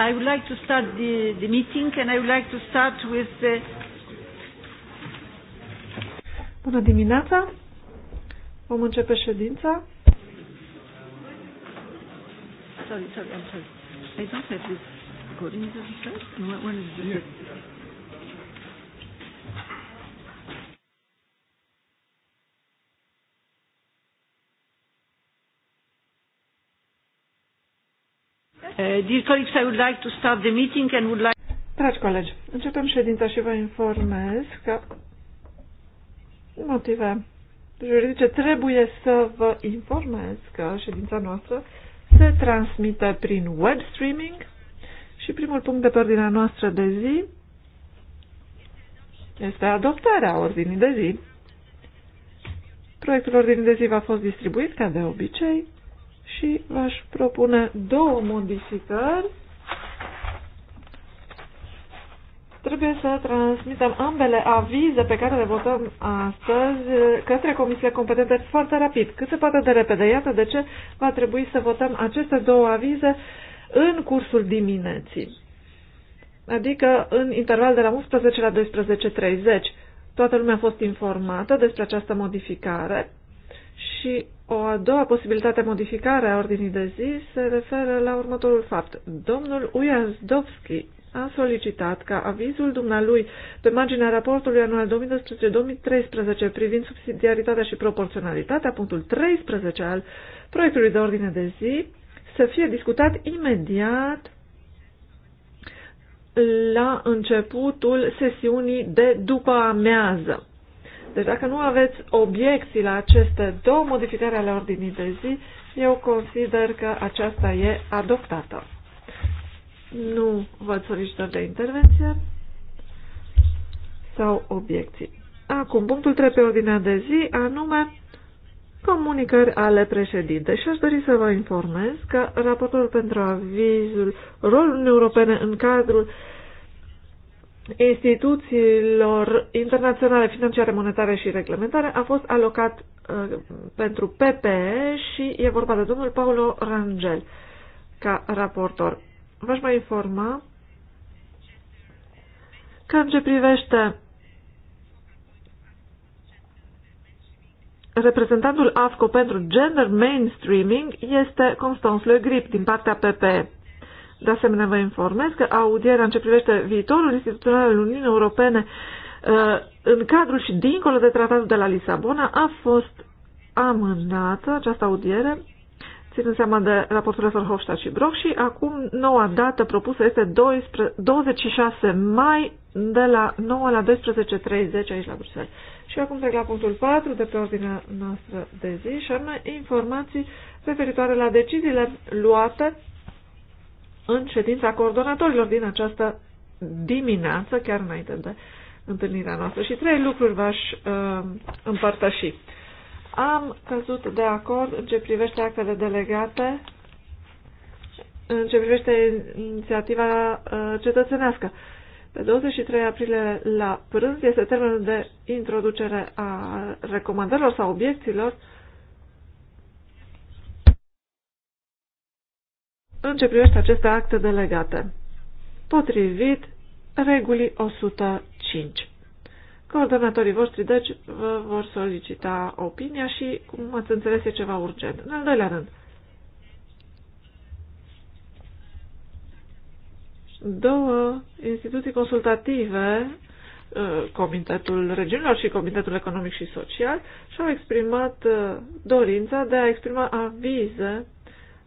I would like to start the, the meeting and I would like to start with the... Bună dimineața! Vom începe ședința. Sorry, sorry, I'm sorry. I don't have this. recording. is this the first? When one is the first. Uh, dear colleagues, I would like to start the meeting and would like... Dragi colegi, începem ședința și vă informez că motive juridice trebuie să vă informez că ședința noastră se transmite prin web streaming și primul punct de pe ordinea noastră de zi este adoptarea ordinii de zi. Proiectul ordinii de zi va a fost distribuit ca de obicei și v-aș propune două modificări. Trebuie să transmitem ambele avize pe care le votăm astăzi către comisia competente foarte rapid, cât se poate de repede. Iată de ce va trebui să votăm aceste două avize în cursul dimineții, adică în interval de la 11 la 12.30. Toată lumea a fost informată despre această modificare și o a doua posibilitate modificare a ordinii de zi se referă la următorul fapt. Domnul Ujazdovski a solicitat ca avizul dumnealui pe marginea raportului anual 2012-2013 privind subsidiaritatea și proporționalitatea, punctul 13 al proiectului de ordine de zi, să fie discutat imediat la începutul sesiunii de după amiază. Deci dacă nu aveți obiecții la aceste două modificări ale ordinii de zi, eu consider că aceasta e adoptată. Nu văd solicitări de intervenție sau obiecții. Acum, punctul 3 pe ordinea de zi, anume comunicări ale președinte. Și aș dori să vă informez că raportul pentru avizul rolul Uniunii Europene în cadrul uh, instituțiilor internaționale financiare, monetare și reglementare a fost alocat uh, pentru PPE și e vorba de domnul Paulo Rangel ca raportor. V-aș mai informa că în ce privește reprezentantul AFCO pentru gender mainstreaming este Constance Le Grip din partea PPE. De asemenea, vă informez că audierea în ce privește viitorul instituțional al Uniunii Europene uh, în cadrul și dincolo de tratatul de la Lisabona a fost amânată această audiere ținând seama de raportul Verhofstadt și Brock și acum noua dată propusă este 12, 26 mai de la 9 la 12.30 aici la Bruxelles. Și acum trec la punctul 4 de pe ordinea noastră de zi și anume informații referitoare la deciziile luate în ședința coordonatorilor din această dimineață, chiar înainte de întâlnirea noastră. Și trei lucruri v-aș uh, împărtăși. Am căzut de acord în ce privește actele delegate, în ce privește inițiativa uh, cetățenească. Pe 23 aprilie la prânz este termenul de introducere a recomandărilor sau obiecțiilor uh, în ce privește aceste acte delegate, potrivit regulii 105. Coordonatorii voștri, deci, vă vor solicita opinia și, cum ați înțeles, e ceva urgent. În al doilea rând, două instituții consultative, uh, Comitetul Regiunilor și Comitetul Economic și Social, și-au exprimat uh, dorința de a exprima avize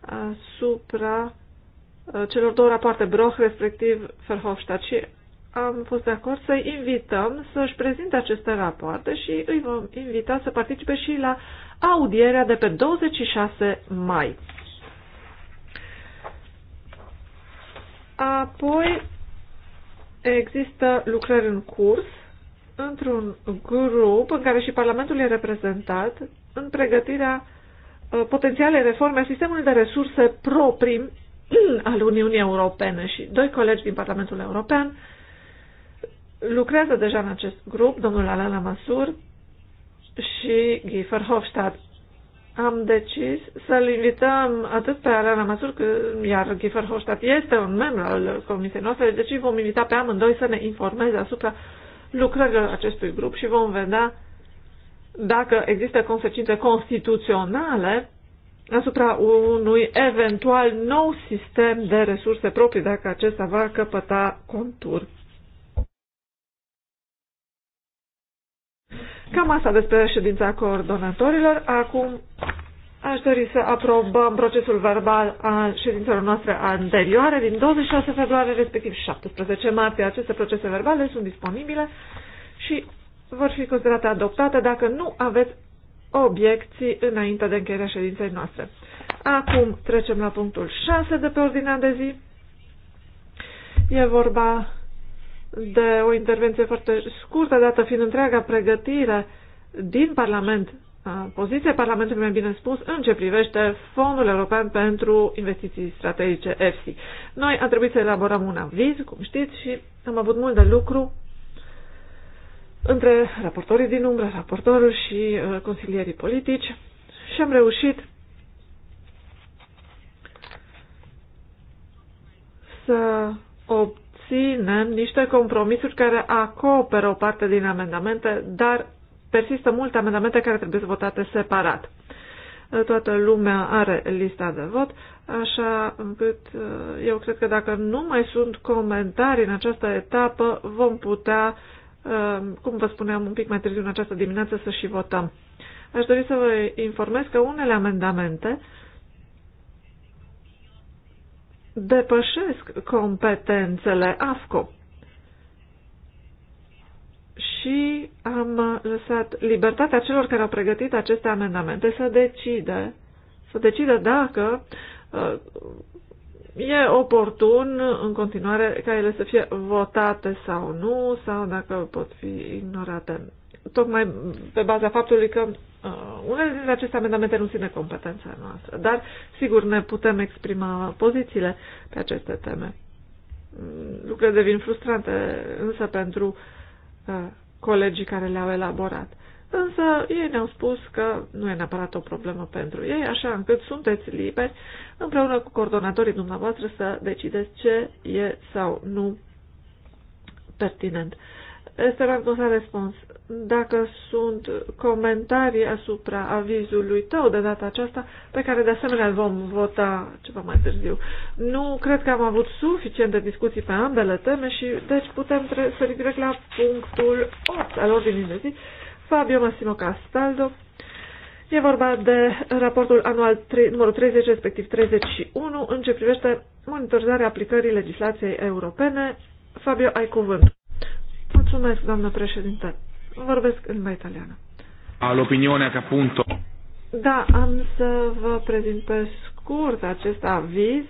asupra uh, celor două rapoarte, Broch, respectiv Verhofstadt, și am fost de acord să-i invităm să-și prezinte aceste rapoarte și îi vom invita să participe și la audierea de pe 26 mai. Apoi există lucrări în curs într-un grup în care și Parlamentul e reprezentat în pregătirea Uh, potențiale reforme a sistemului de resurse proprii al Uniunii Europene și doi colegi din Parlamentul European lucrează deja în acest grup, domnul Alana Masur și Guy Verhofstadt. Am decis să-l invităm atât pe Alana Masur, că, iar Guy Verhofstadt este un membru al comisiei noastre, deci vom invita pe amândoi să ne informeze asupra lucrărilor acestui grup și vom vedea dacă există consecințe constituționale asupra unui eventual nou sistem de resurse proprii, dacă acesta va căpăta contur. Cam asta despre ședința coordonatorilor. Acum aș dori să aprobăm procesul verbal al ședințelor noastre anterioare din 26 februarie, respectiv 17 martie. Aceste procese verbale sunt disponibile și vor fi considerate adoptate dacă nu aveți obiecții înainte de încheierea ședinței noastre. Acum trecem la punctul 6 de pe ordinea de zi. E vorba de o intervenție foarte scurtă, dată fiind întreaga pregătire din Parlament, poziția Parlamentului, mai bine spus, în ce privește Fondul European pentru Investiții Strategice, EFSI. Noi a trebuit să elaborăm un aviz, cum știți, și am avut mult de lucru între raportorii din umbră, raportorul și uh, consilierii politici și am reușit să obținem niște compromisuri care acoperă o parte din amendamente, dar persistă multe amendamente care trebuie votate separat. Uh, toată lumea are lista de vot, așa încât uh, eu cred că dacă nu mai sunt comentarii în această etapă, vom putea uh, Ehm, cum vă spuneam un pic mai târziu în această dimineață, să și votăm. Aș dori să vă informez că unele amendamente depășesc competențele AFCO și am lăsat libertatea celor care au pregătit aceste amendamente să decide, să decide dacă e oportun în continuare ca ele să fie votate sau nu, sau dacă pot fi ignorate. Tocmai pe baza faptului că uh, unele dintre aceste amendamente nu ține competența noastră, dar sigur ne putem exprima pozițiile pe aceste teme. Mm, lucrurile devin frustrante însă pentru uh, colegii care le-au elaborat însă ei ne-au spus că nu e neapărat o problemă pentru ei, așa încât sunteți liberi împreună cu coordonatorii dumneavoastră să decideți ce e sau nu pertinent. Esteban Cosa răspuns. Dacă sunt comentarii asupra avizului tău de data aceasta, pe care de asemenea îl vom vota ceva mai târziu. Nu cred că am avut suficiente discuții pe ambele teme și deci putem să direct la punctul 8 al ordinii de zi, Fabio Massimo Castaldo. E vorba de raportul anual 3, numărul 30, respectiv 31, în ce privește monitorizarea aplicării legislației europene. Fabio, ai cuvânt. Mulțumesc, doamnă președinte. Vorbesc în limba italiană. All'opinione că punto. Da, am să vă prezint pe scurt acest aviz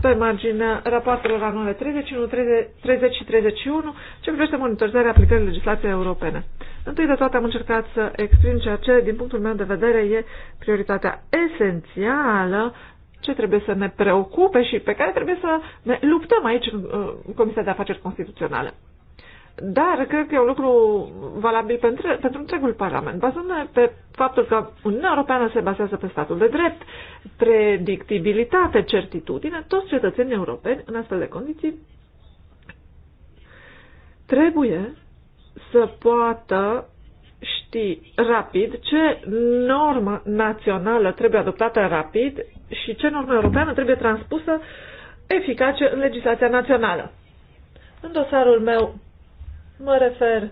pe marginea rapoartelor anuale 31, 30, 30 și 31 ce privește monitorizarea aplicării legislației europene. Întâi de toate am încercat să exprim ceea ce, din punctul meu de vedere, e prioritatea esențială ce trebuie să ne preocupe și pe care trebuie să ne luptăm aici în Comisia de Afaceri Constituționale. Dar cred că e un lucru valabil pentru, pentru întregul Parlament, bazându-ne pe faptul că Uniunea Europeană se bazează pe statul de drept, predictibilitate, certitudine, toți cetățenii europeni, în astfel de condiții, trebuie să poată ști rapid ce normă națională trebuie adoptată rapid și ce normă europeană trebuie transpusă eficace în legislația națională. În dosarul meu Mă refer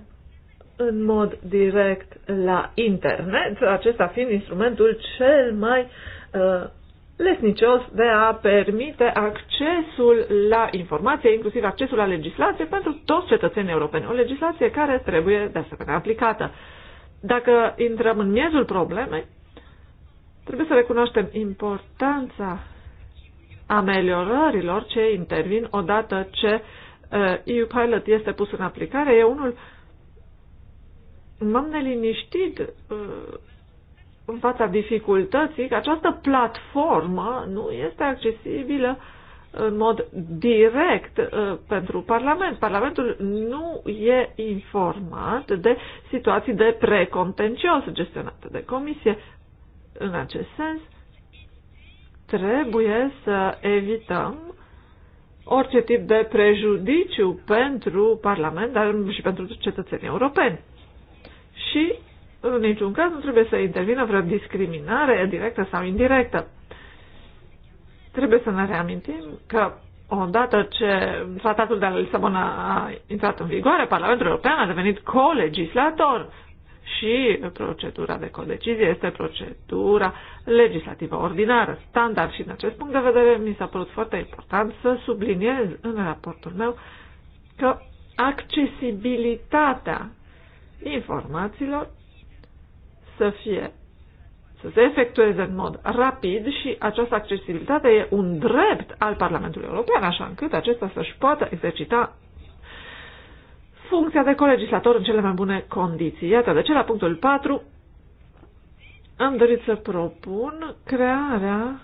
în mod direct la internet, acesta fiind instrumentul cel mai uh, lesnicios de a permite accesul la informație, inclusiv accesul la legislație pentru toți cetățenii europeni. O legislație care trebuie de asemenea aplicată. Dacă intrăm în miezul problemei, trebuie să recunoaștem importanța ameliorărilor ce intervin odată ce uh, Uh, EU Pilot este pus în aplicare, e unul m-am neliniștit uh, în fața dificultății că această platformă nu este accesibilă în mod direct uh, pentru Parlament. Parlamentul nu e informat de situații de precontencios gestionate de Comisie. În acest sens, trebuie să evităm orice tip de prejudiciu pentru Parlament, dar și pentru cetățenii europeni. Și, în niciun caz, nu trebuie să intervină vreo discriminare directă sau indirectă. Trebuie să ne reamintim că odată ce tratatul de la Lisabona a intrat în vigoare, Parlamentul European a devenit colegislator și procedura de codecizie este procedura legislativă ordinară, standard și în acest punct de vedere mi s-a părut foarte important să subliniez în raportul meu că accesibilitatea informațiilor să fie să se efectueze în mod rapid și această accesibilitate e un drept al Parlamentului European, așa încât acesta să-și poată exercita funcția de colegislator în cele mai bune condiții. Iată de ce la punctul 4 am dorit să propun crearea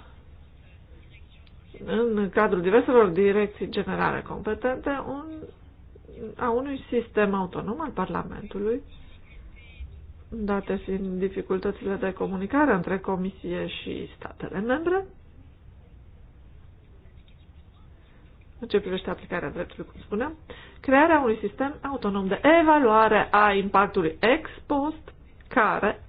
în cadrul diverselor direcții generale competente un, a unui sistem autonom al Parlamentului, date fiind dificultățile de comunicare între Comisie și statele membre, în ce privește aplicarea dreptului, cum spuneam, crearea unui sistem autonom de evaluare a impactului ex post, care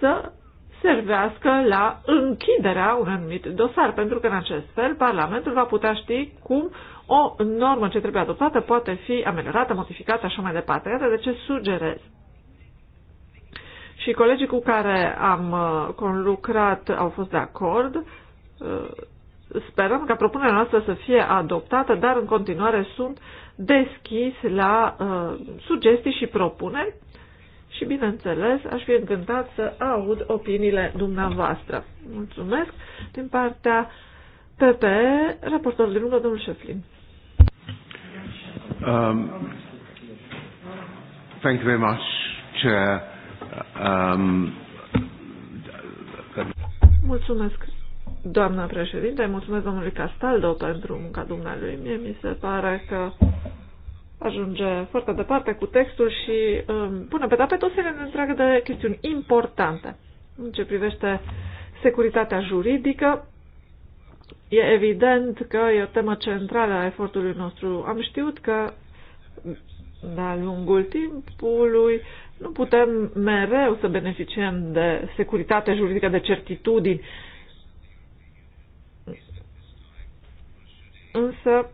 să servească la închiderea unui anumit dosar, pentru că în acest fel Parlamentul va putea ști cum o normă ce trebuie adoptată poate fi ameliorată, modificată, așa mai departe. Iată de ce sugerez și colegii cu care am uh, conlucrat au fost de acord. Uh, sperăm ca propunerea noastră să fie adoptată, dar în continuare sunt deschis la uh, sugestii și propuneri și, bineînțeles, aș fi încântat să aud opiniile dumneavoastră. Mulțumesc. Din partea PP, raportorul din urmă, domnul Șeflin. Um, thank you very much, Chair. Um... Mulțumesc, doamna președinte, mulțumesc domnului Castaldo pentru munca dumnealui. Mie mi se pare că ajunge foarte departe cu textul și um, pune pe tapet o serie întreagă de chestiuni importante în ce privește securitatea juridică. E evident că e o temă centrală a efortului nostru. Am știut că de-a lungul timpului nu putem mereu să beneficiem de securitate juridică, de certitudini. Însă,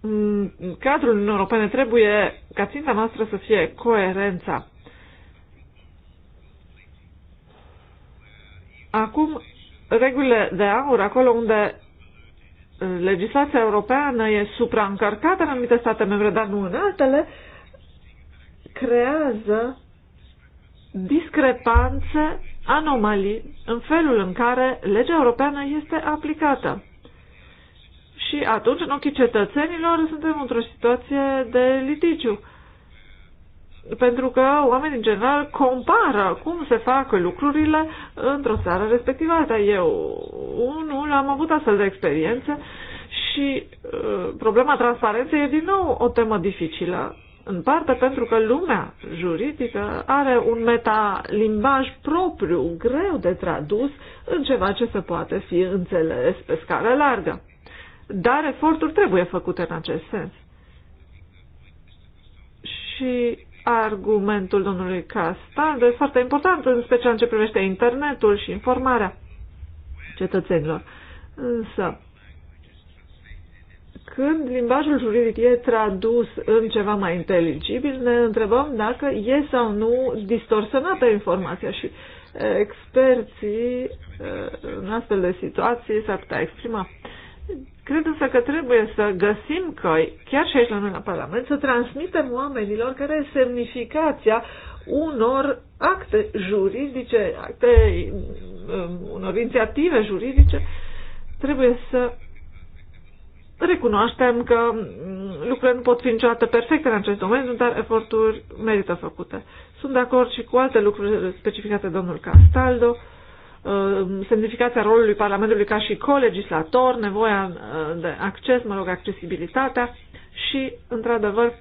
în cadrul Uniunii Europene trebuie ca ținta noastră să fie coerența. Acum, regulile de aur, acolo unde legislația europeană e supraîncărcată în anumite state membre, dar nu în altele, uh, creează discrepanțe, anomalii în felul în care legea europeană este aplicată. Și atunci, în ochii cetățenilor, suntem într-o situație de litigiu. Pentru că oamenii, în general, compară cum se fac lucrurile într-o țară respectivă dar Eu, unul, am avut astfel de experiențe și uh, problema transparenței e din nou o temă dificilă în parte pentru că lumea juridică are un metalimbaj propriu, greu de tradus, în ceva ce se poate fi înțeles pe scară largă. Dar eforturi trebuie făcute în acest sens. Și argumentul domnului Castaldo e foarte important, în special în ce privește internetul și informarea cetățenilor. Însă, când limbajul juridic e tradus în ceva mai inteligibil, ne întrebăm dacă e sau nu distorsionată informația și eh, experții eh, în astfel de situații s-ar putea exprima. Cred însă că trebuie să găsim căi, chiar și aici la noi la Parlament, să transmitem oamenilor care e semnificația unor acte juridice, acte, eh, unor inițiative juridice, trebuie să Recunoaștem că mm, lucrurile nu pot fi niciodată perfecte în acest domeniu, dar eforturi merită făcute. Sunt de acord și cu alte lucruri specificate domnul Castaldo, uh, semnificația rolului Parlamentului ca și colegislator, nevoia uh, de acces, mă rog, accesibilitatea și, într-adevăr,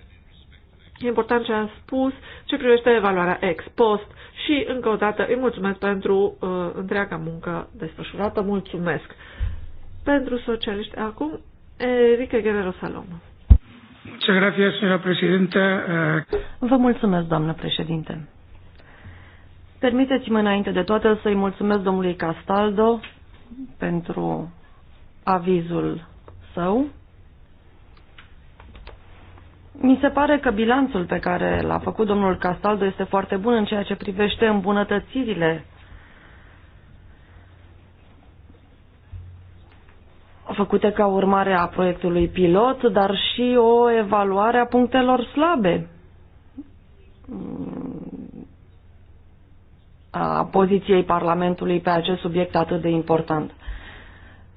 e important ce a spus ce privește evaluarea ex post și, încă o dată, îi mulțumesc pentru uh, întreaga muncă desfășurată, mulțumesc. Pentru socialiști, acum, Enrique Guerrero Salom. Eh, Vă mulțumesc, doamnă președinte. Permiteți-mă înainte de toate să-i mulțumesc domnului Castaldo pentru avizul său. Mi se pare că bilanțul pe care l-a făcut domnul Castaldo este foarte bun în ceea ce privește îmbunătățirile făcute ca urmare a proiectului pilot, dar și o evaluare a punctelor slabe a poziției Parlamentului pe acest subiect atât de important.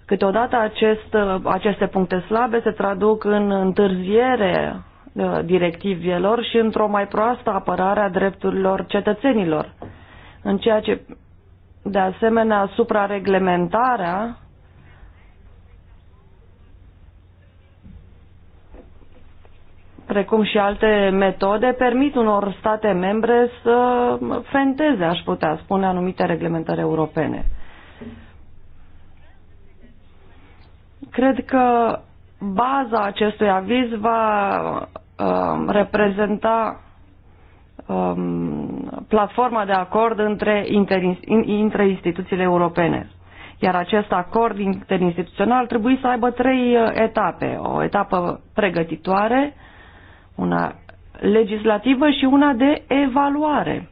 Câteodată acest, aceste puncte slabe se traduc în întârziere uh, directivelor și într-o mai proastă apărare a drepturilor cetățenilor, în ceea ce, de asemenea, suprareglementarea precum și alte metode, permit unor state membre să fenteze, aș putea spune, anumite reglementări europene. Cred că baza acestui aviz va uh, reprezenta um, platforma de acord între, între instituțiile europene. Iar acest acord interinstituțional trebuie să aibă trei uh, etape. O etapă pregătitoare, uh, una legislativă și una de evaluare.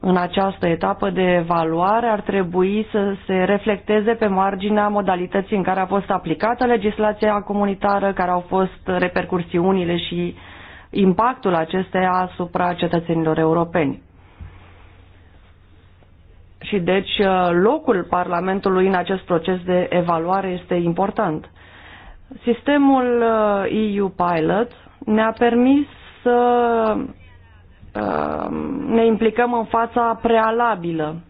În această etapă de evaluare ar trebui să se reflecteze pe marginea modalității în care a fost aplicată legislația comunitară, care au fost repercursiunile și impactul acesteia asupra cetățenilor europeni. Și deci uh, locul Parlamentului în acest proces de evaluare este important. Sistemul uh, EU Pilot ne-a permis să uh, ne implicăm în fața prealabilă.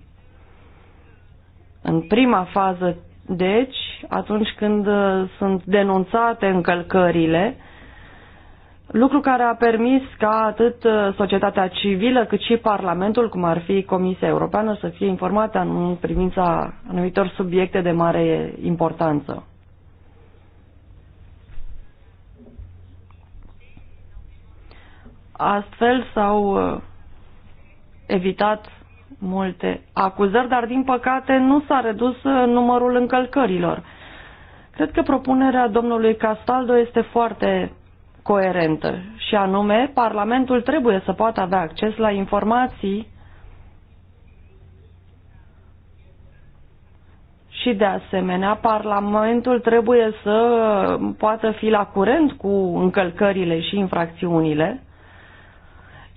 În prima fază, deci, atunci când uh, sunt denunțate încălcările, lucru care a permis ca atât uh, societatea civilă cât și Parlamentul, cum ar fi Comisia Europeană, să fie informate în privința anumitor subiecte de mare importanță. Astfel s-au uh, evitat multe acuzări, dar din păcate nu s-a redus uh, numărul încălcărilor. Cred că propunerea domnului Castaldo este foarte coerentă și anume Parlamentul trebuie să poată avea acces la informații și de asemenea Parlamentul trebuie să poată fi la curent cu încălcările și infracțiunile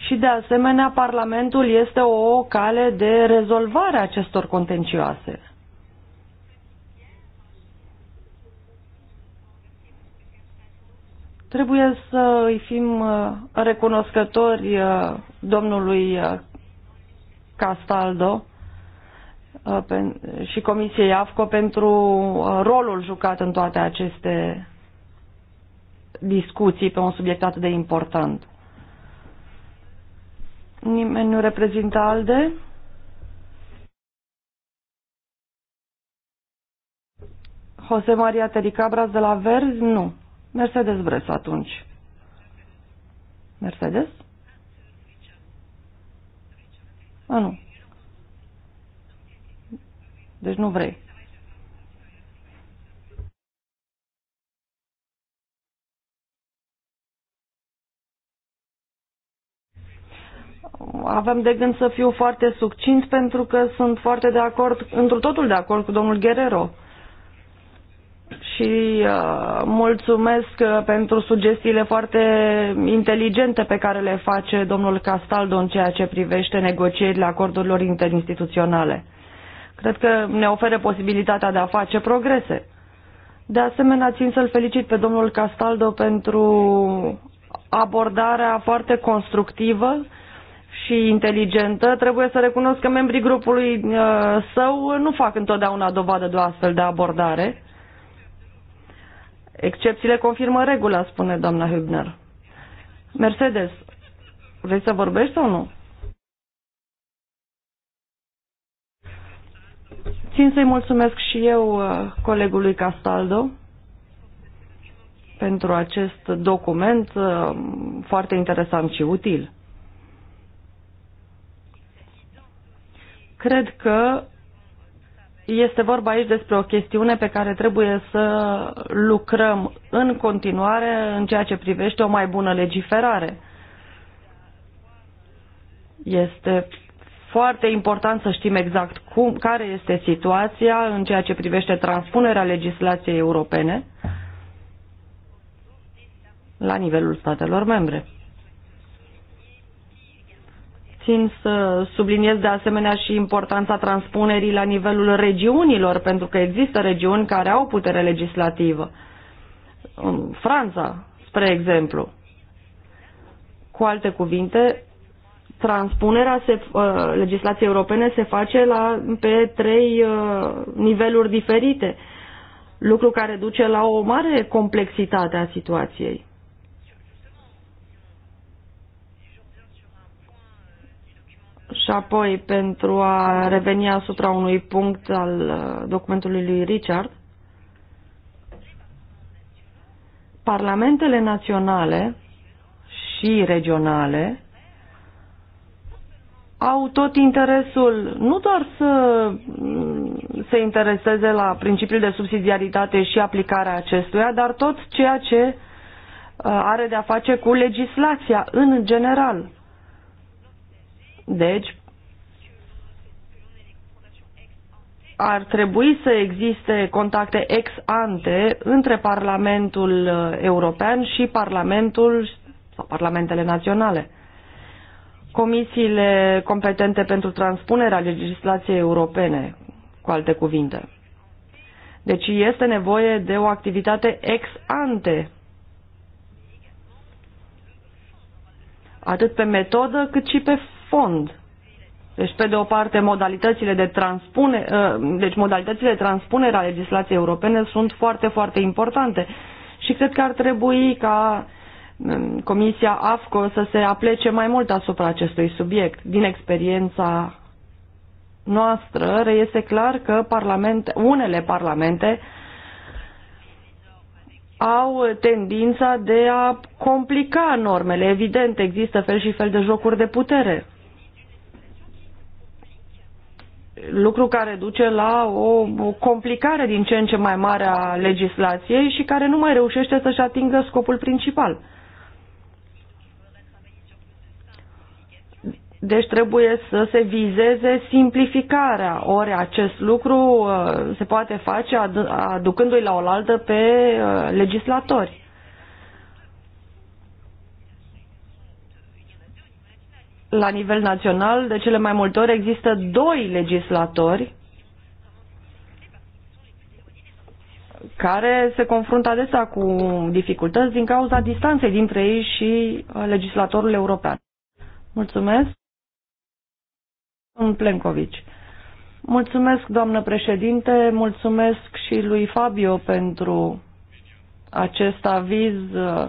și de asemenea Parlamentul este o cale de rezolvare a acestor contencioase. Trebuie să îi fim uh, recunoscători uh, domnului uh, Castaldo și Comisiei AFCO pentru rolul jucat în toate aceste discuții pe un subiect atât de important. Nimeni nu reprezintă ALDE. Jose Maria Tericabras de la Verzi? Nu. Mercedes Bres atunci. Mercedes? A, nu. Deci nu vrei. Avem de gând să fiu foarte succint pentru că sunt foarte de acord, într totul de acord cu domnul Guerrero. Și uh, mulțumesc uh, pentru sugestiile foarte inteligente pe care le face domnul Castaldo în ceea ce privește negocierile acordurilor interinstituționale. Cred că ne oferă posibilitatea de a face progrese. De asemenea, țin să-l felicit pe domnul Castaldo pentru abordarea foarte constructivă și inteligentă, trebuie să recunosc că membrii grupului uh, său nu fac întotdeauna dovadă de o astfel de abordare. Excepțiile confirmă regula, spune doamna Hübner. Mercedes, vrei să vorbești sau nu? Țin să-i mulțumesc și eu uh, colegului Castaldo pentru acest document uh, foarte interesant și util. Cred că este vorba aici despre o chestiune pe care trebuie să lucrăm în continuare în ceea ce privește o mai bună legiferare. Este foarte important să știm exact cum, care este situația în ceea ce privește transpunerea legislației europene la nivelul statelor membre puțin să subliniez de asemenea și importanța transpunerii la nivelul regiunilor, pentru că există regiuni care au putere legislativă. În Franța, spre exemplu. Cu alte cuvinte, transpunerea se, uh, legislației europene se face la, pe trei uh, niveluri diferite, lucru care duce la o mare complexitate a situației. Și apoi, pentru a reveni asupra unui punct al uh, documentului lui Richard, parlamentele naționale și regionale au tot interesul nu doar să mm, se intereseze la principiul de subsidiaritate și aplicarea acestuia, dar tot ceea ce uh, are de-a face cu legislația în general. Deci, ar trebui să existe contacte ex ante între Parlamentul uh, European și Parlamentul sau Parlamentele Naționale. Comisiile competente pentru transpunerea legislației europene, cu alte cuvinte. Deci este nevoie de o activitate ex ante, atât pe metodă cât și pe fond. Deci, pe de o parte, modalitățile de transpune, uh, deci modalitățile de transpunere a legislației europene sunt foarte, foarte importante. Și cred că ar trebui ca um, Comisia AFCO să se aplece mai mult asupra acestui subiect. Din experiența noastră reiese clar că parlamente, unele parlamente au tendința de a complica normele. Evident, există fel și fel de jocuri de putere lucru care duce la o, o complicare din ce în ce mai mare a legislației și care nu mai reușește să-și atingă scopul principal. Deci trebuie să se vizeze simplificarea. Ori acest lucru uh, se poate face aducându-i la oaltă pe uh, legislatori. la nivel național, de cele mai multe ori există doi legislatori care se confruntă adesea cu dificultăți din cauza distanței dintre ei și uh, legislatorul european. Mulțumesc. Domnul Plencovici. Mulțumesc, doamnă președinte, mulțumesc și lui Fabio pentru acest aviz uh,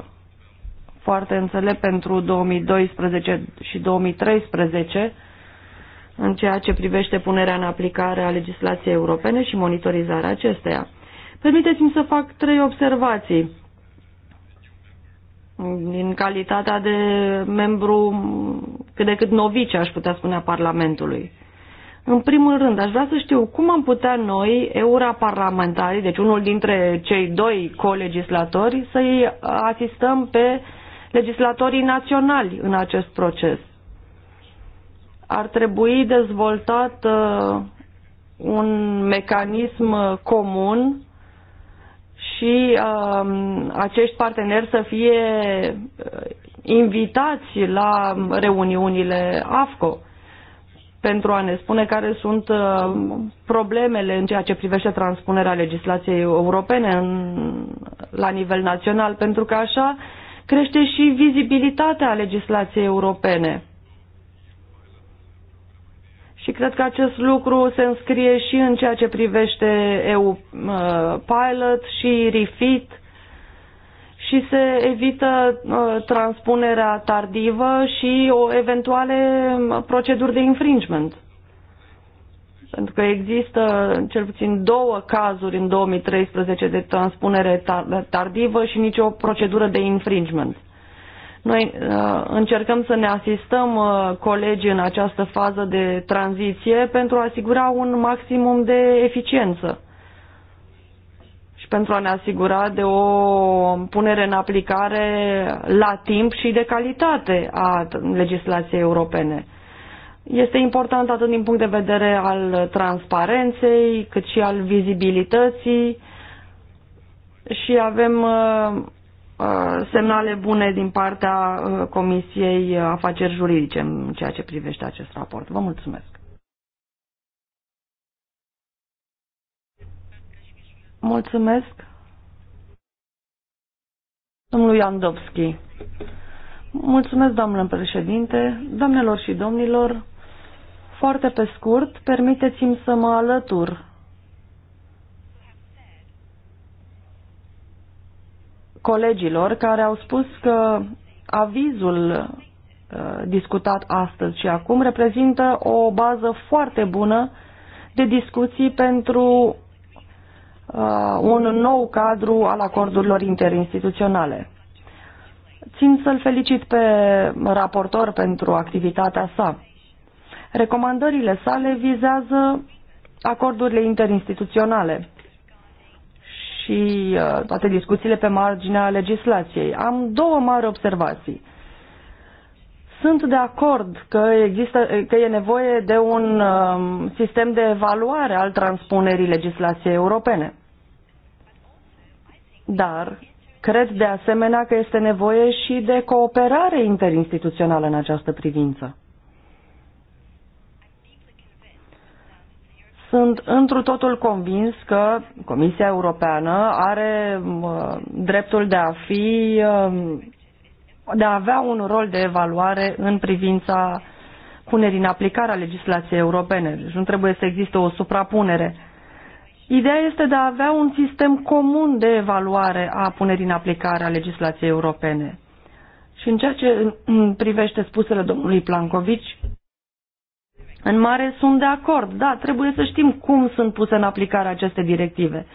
foarte înțelept pentru 2012 și 2013 în ceea ce privește punerea în aplicare a legislației europene și monitorizarea acesteia. Permiteți-mi să fac trei observații din calitatea de membru cât de cât novice, aș putea spune, a Parlamentului. În primul rând, aș vrea să știu cum am putea noi, europarlamentarii, deci unul dintre cei doi colegislatori, să-i asistăm pe legislatorii naționali în acest proces. Ar trebui dezvoltat uh, un mecanism uh, comun și um, acești parteneri să fie uh, invitați la reuniunile AFCO pentru a ne spune care sunt problemele în ceea ce privește transpunerea legislației europene în, la nivel național, pentru că așa uh, crește și vizibilitatea legislației europene. Și cred că acest lucru se înscrie și în ceea ce privește EU uh, Pilot și Refit și se evită uh, transpunerea tardivă și o eventuale uh, proceduri de infringement. Pentru că există cel puțin două cazuri în 2013 de transpunere tardivă și nicio procedură de infringement. Noi uh, încercăm să ne asistăm uh, colegii în această fază de tranziție pentru a asigura un maximum de eficiență și pentru a ne asigura de o punere în aplicare la timp și de calitate a legislației europene. Este important atât din punct de vedere al transparenței, cât și al vizibilității și avem uh, uh, semnale bune din partea uh, Comisiei Afaceri Juridice în ceea ce privește acest raport. Vă mulțumesc! Mulțumesc! Domnul Iandovski. Mulțumesc, doamnă președinte, doamnelor și domnilor. Foarte pe scurt, permiteți-mi să mă alătur colegilor care au spus că avizul uh, discutat astăzi și acum reprezintă o bază foarte bună de discuții pentru uh, un nou cadru al acordurilor interinstituționale. Țin să-l felicit pe raportor pentru activitatea sa. Recomandările sale vizează acordurile interinstituționale și uh, toate discuțiile pe marginea legislației. Am două mari observații. Sunt de acord că, există, că e nevoie de un uh, sistem de evaluare al transpunerii legislației europene. Dar cred de asemenea că este nevoie și de cooperare interinstituțională în această privință. sunt întru totul convins că Comisia Europeană are uh, dreptul de a fi um, de a avea un rol de evaluare în privința punerii în aplicare a legislației europene. Deci nu trebuie să existe o suprapunere. Ideea este de a avea un sistem comun de evaluare a punerii în aplicare a legislației europene. Și în ceea ce privește spusele domnului Plancovici, în mare sunt de acord, da, trebuie să știm cum sunt puse în aplicare aceste directive.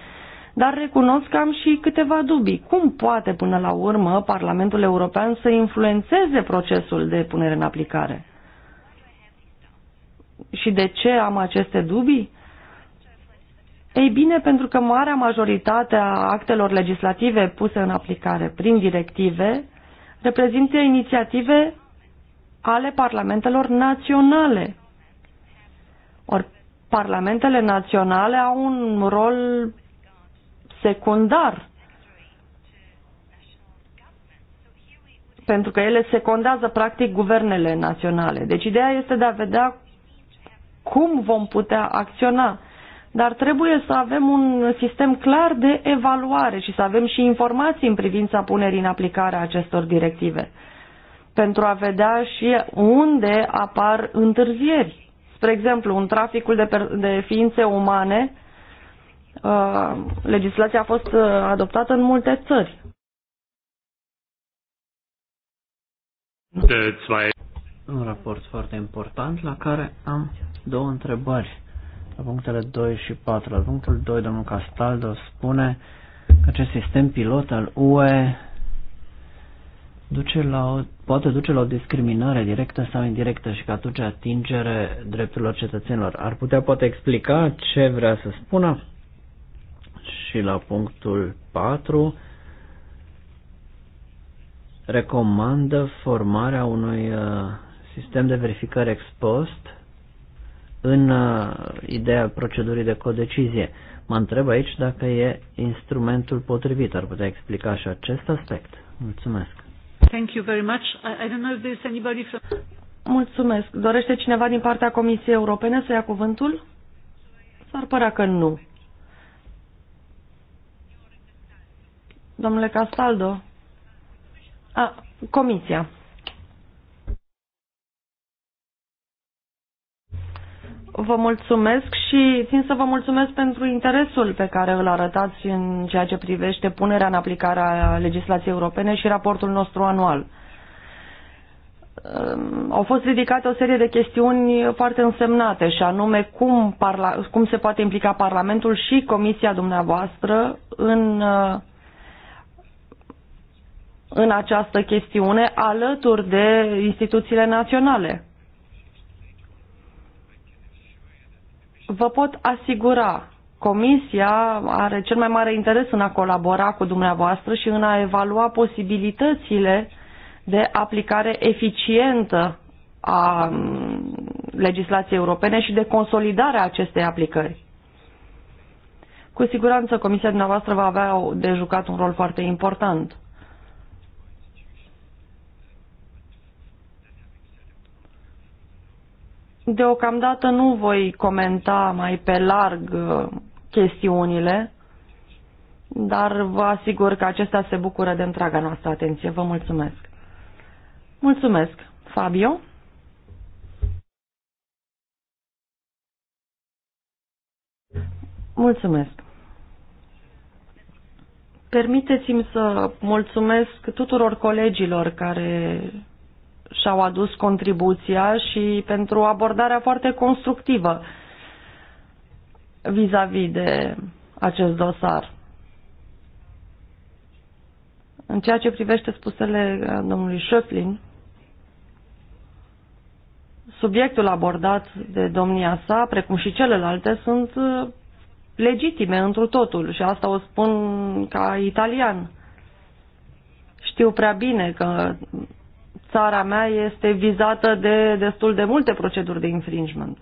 Dar recunosc că am și câteva dubii. Cum poate până la urmă Parlamentul European să influențeze procesul de punere în aplicare? Și de ce am aceste dubii? Ei bine, pentru că marea majoritate a actelor legislative puse în aplicare prin directive reprezintă inițiative ale parlamentelor naționale. Or parlamentele naționale au un rol secundar pentru că ele secundează practic guvernele naționale. Deci ideea este de a vedea cum vom putea acționa. Dar trebuie să avem un sistem clar de evaluare și să avem și informații în privința punerii în aplicare a acestor directive pentru a vedea și unde apar întârzieri. Spre exemplu, în traficul de, de ființe umane, uh, legislația a fost uh, adoptată în multe țări. De Un raport foarte important la care am două întrebări. La punctele 2 și 4. La punctul 2, domnul Castaldo spune că acest sistem pilot al UE duce la o, poate duce la o discriminare directă sau indirectă și că atunci atingere drepturilor cetățenilor. Ar putea poate explica ce vrea să spună? Și la punctul 4 recomandă formarea unui uh, sistem de verificare ex post în uh, ideea procedurii de codecizie. Mă întreb aici dacă e instrumentul potrivit. Ar putea explica și acest aspect? Mulțumesc. Thank you very much. I, don't know if there's anybody from... Mulțumesc. Dorește cineva din partea Comisiei Europene să ia cuvântul? S-ar părea că nu. Domnule Castaldo. A, Comisia. vă mulțumesc și țin să vă mulțumesc pentru interesul pe care îl arătați în ceea ce privește punerea în aplicare a legislației europene și raportul nostru anual. Ehm, au fost ridicate o serie de chestiuni foarte însemnate și anume cum, parla- cum se poate implica Parlamentul și Comisia dumneavoastră în, în această chestiune alături de instituțiile naționale vă pot asigura, Comisia are cel mai mare interes în a colabora cu dumneavoastră și în a evalua posibilitățile de aplicare eficientă a mm, legislației europene și de consolidare a acestei aplicări. Cu siguranță Comisia dumneavoastră va avea de jucat un rol foarte important. Deocamdată nu voi comenta mai pe larg uh, chestiunile, dar vă asigur că acestea se bucură de întreaga noastră atenție. Vă mulțumesc. Mulțumesc, Fabio. Mulțumesc. Permiteți-mi să mulțumesc tuturor colegilor care și-au adus contribuția și pentru abordarea foarte constructivă vis-a-vis -vis de acest dosar. În ceea ce privește spusele uh, domnului Schöflin, subiectul abordat de domnia sa, precum și celelalte, sunt uh, legitime întru totul și asta o spun ca italian. Știu prea bine că țara mea este vizată de destul de multe proceduri de infringement.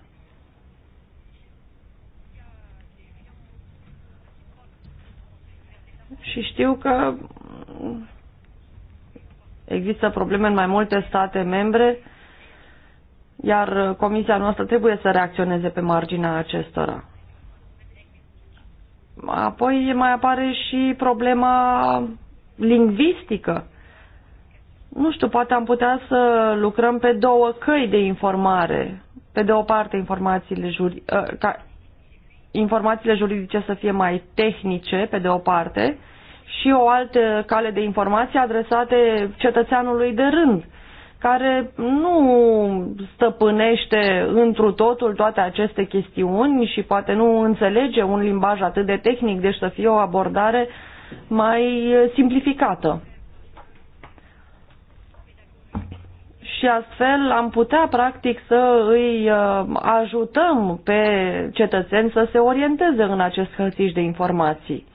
Și știu că există probleme în mai multe state membre, iar comisia noastră trebuie să reacționeze pe marginea acestora. Apoi mai apare și problema lingvistică. Nu știu, poate am putea să lucrăm pe două căi de informare. Pe de o parte, informațiile, juri, ă, ca, informațiile juridice să fie mai tehnice, pe de o parte, și o altă cale de informație adresate cetățeanului de rând, care nu stăpânește întru totul toate aceste chestiuni și poate nu înțelege un limbaj atât de tehnic, deci să fie o abordare mai simplificată. și astfel am putea practic să îi uh, ajutăm pe cetățeni să se orienteze în acest hățiș de informații.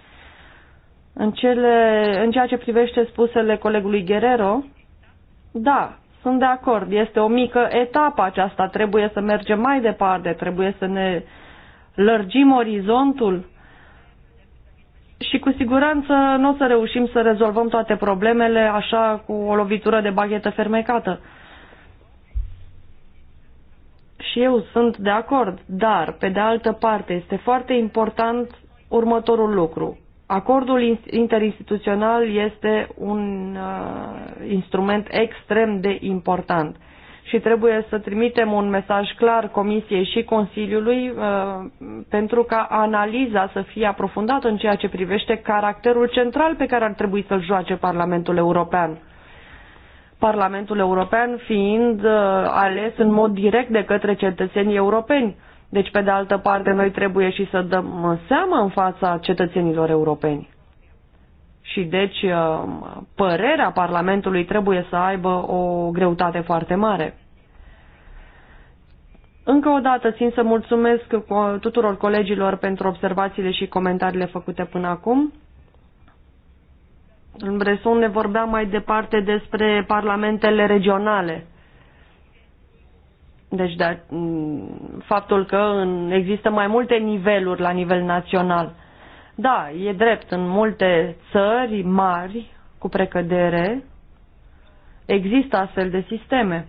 În, cele, în ceea ce privește spusele colegului Guerrero, da, sunt de acord, este o mică etapă aceasta, trebuie să mergem mai departe, trebuie să ne lărgim orizontul și cu siguranță nu o să reușim să rezolvăm toate problemele așa cu o lovitură de baghetă fermecată. Și eu sunt de acord, dar, pe de altă parte, este foarte important următorul lucru. Acordul interinstituțional este un uh, instrument extrem de important și trebuie să trimitem un mesaj clar Comisiei și Consiliului uh, pentru ca analiza să fie aprofundată în ceea ce privește caracterul central pe care ar trebui să-l joace Parlamentul European Parlamentul European fiind uh, ales în mod direct de către cetățenii europeni. Deci, pe de altă parte, noi trebuie și să dăm uh, seama în fața cetățenilor europeni. Și deci uh, părerea Parlamentului trebuie să aibă o greutate foarte mare. Încă o dată țin să mulțumesc tuturor colegilor pentru observațiile și comentariile făcute până acum. Bresun ne vorbea mai departe despre parlamentele regionale. Deci, de faptul că în, există mai multe niveluri la nivel național. Da, e drept, în multe țări mari, cu precădere, există astfel de sisteme.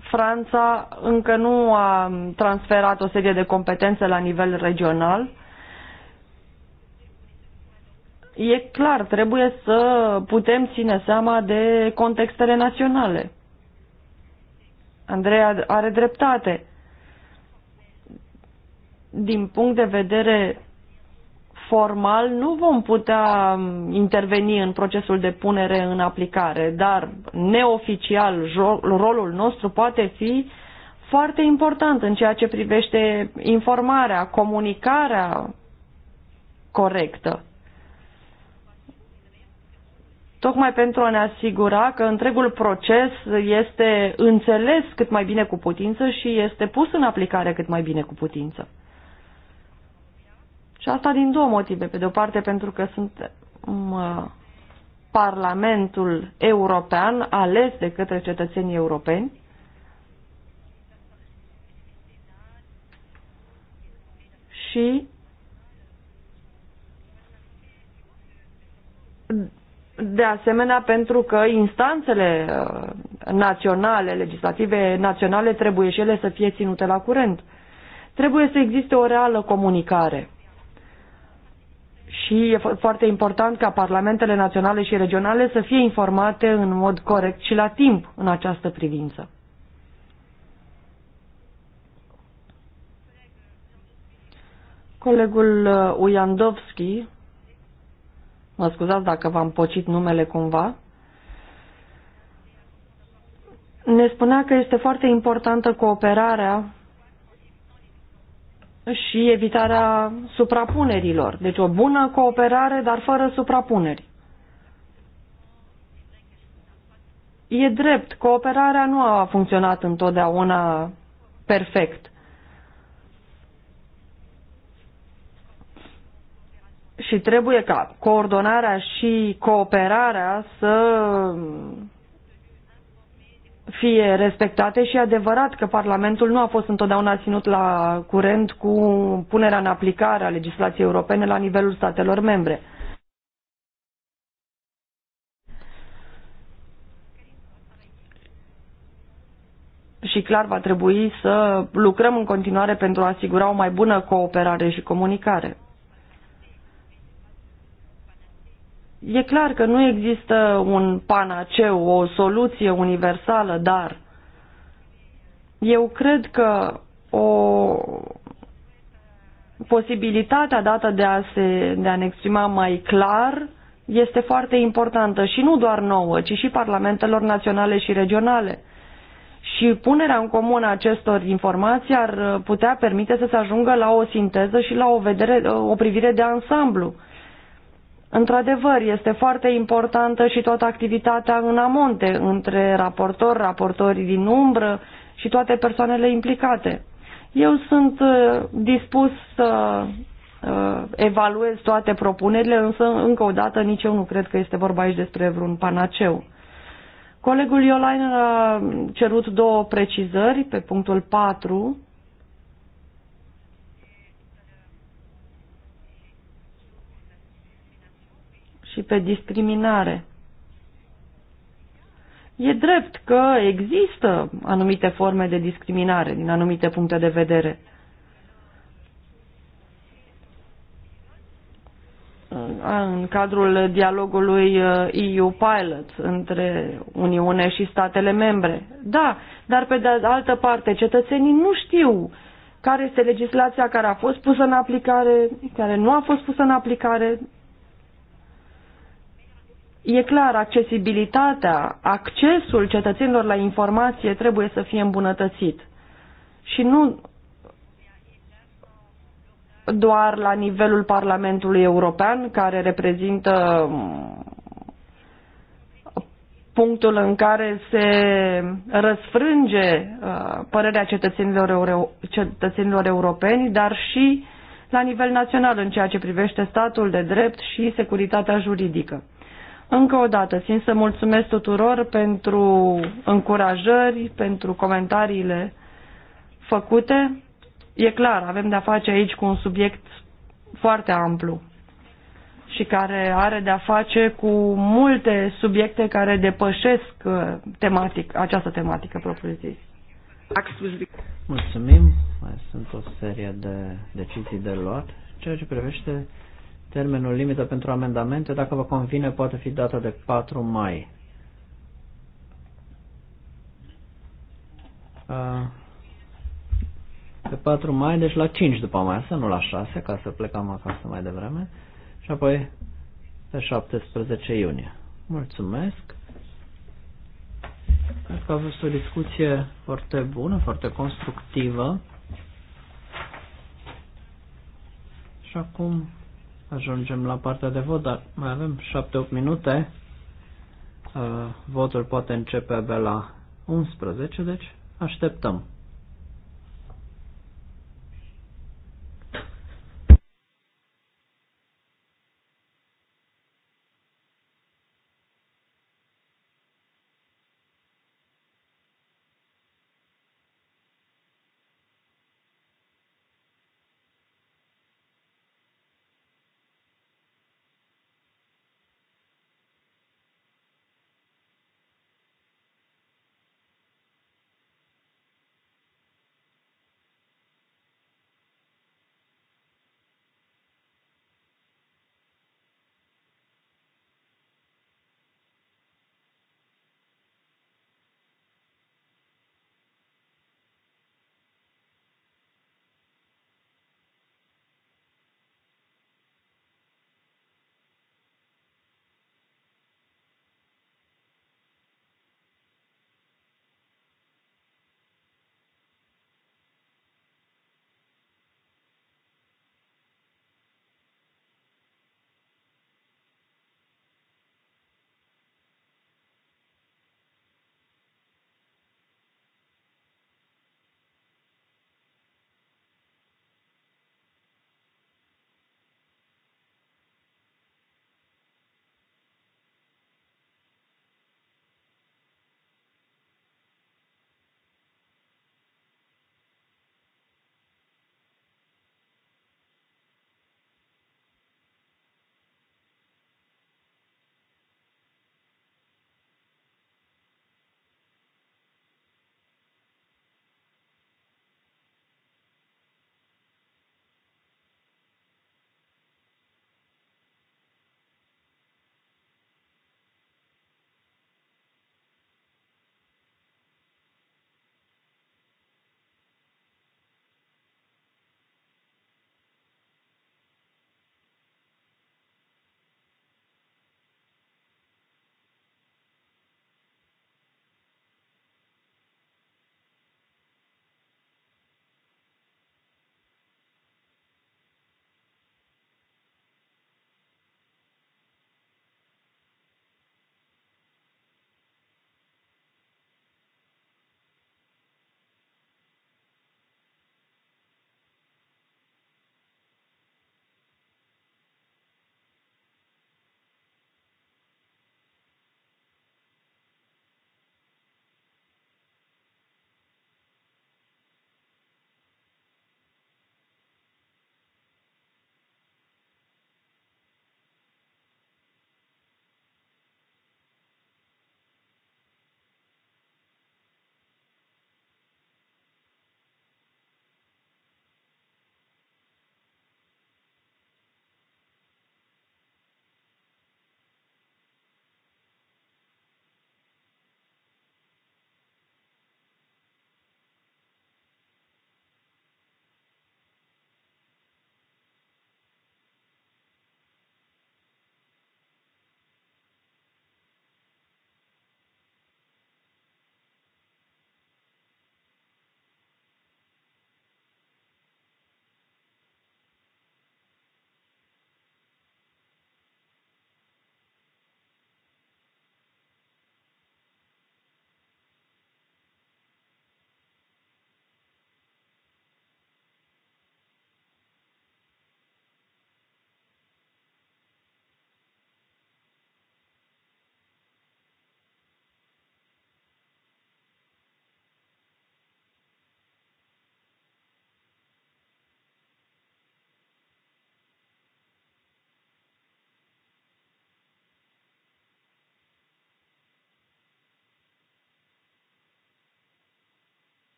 Franța încă nu a transferat o serie de competențe la nivel regional, E clar, trebuie să putem ține seama de contextele naționale. Andreea are dreptate. Din punct de vedere formal, nu vom putea interveni în procesul de punere în aplicare, dar neoficial rolul nostru poate fi foarte important în ceea ce privește informarea, comunicarea corectă tocmai pentru a ne asigura că întregul proces este înțeles cât mai bine cu putință și este pus în aplicare cât mai bine cu putință. Și asta din două motive. Pe de o parte pentru că sunt uh, Parlamentul European ales de către cetățenii europeni și de asemenea pentru că instanțele uh, naționale, legislative naționale, trebuie și ele să fie ținute la curent. Trebuie să existe o reală comunicare. Și e foarte important ca parlamentele naționale și regionale să fie informate în mod corect și la timp în această privință. Colegul uh, Ujandovski Mă scuzați dacă v-am pocit numele cumva. Ne spunea că este foarte importantă cooperarea și evitarea suprapunerilor. Deci o bună cooperare, dar fără suprapuneri. E drept, cooperarea nu a funcționat întotdeauna perfect. și trebuie ca coordonarea și cooperarea să fie respectate și adevărat că Parlamentul nu a fost întotdeauna ținut la curent cu punerea în aplicare a legislației europene la nivelul statelor membre. Și clar va trebui să lucrăm în continuare pentru a asigura o mai bună cooperare și comunicare. E clar că nu există un panaceu, o soluție universală, dar eu cred că o posibilitatea dată de a, se, de a ne exprima mai clar este foarte importantă și nu doar nouă, ci și parlamentelor naționale și regionale. Și punerea în comun a acestor informații ar putea permite să se ajungă la o sinteză și la o, vedere, o privire de ansamblu Într-adevăr, este foarte importantă și toată activitatea în amonte, între raportor, raportorii din umbră și toate persoanele implicate. Eu sunt uh, dispus să uh, evaluez toate propunerile, însă, încă o dată, nici eu nu cred că este vorba aici despre vreun panaceu. Colegul Iolain a cerut două precizări pe punctul 4 și pe discriminare. E drept că există anumite forme de discriminare din anumite puncte de vedere. În cadrul dialogului uh, EU Pilot între Uniune și statele membre. Da, dar pe de altă parte, cetățenii nu știu care este legislația care a fost pusă în aplicare, care nu a fost pusă în aplicare, E clar, accesibilitatea, accesul cetățenilor la informație trebuie să fie îmbunătățit. Și nu doar la nivelul Parlamentului European, care reprezintă mm, punctul în care se răsfrânge uh, părerea cetățenilor, cetățenilor europeni, dar și la nivel național în ceea ce privește statul de drept și securitatea juridică. Încă o dată, țin să mulțumesc tuturor pentru încurajări, pentru comentariile făcute. E clar, avem de-a face aici cu un subiect foarte amplu și care are de-a face cu multe subiecte care depășesc uh, tematic, această tematică propriu-zis. Mulțumim. Mai sunt o serie de decizii de luat. Ceea ce privește Termenul limită pentru amendamente, dacă vă convine, poate fi data de 4 mai. Pe 4 mai, deci la 5 după masă, nu la 6, ca să plecăm acasă mai devreme. Și apoi pe 17 iunie. Mulțumesc! Cred că a fost o discuție foarte bună, foarte constructivă. Și acum ajungem la partea de vot, dar mai avem 7-8 minute. Uh, votul poate începe abia la 11, deci așteptăm.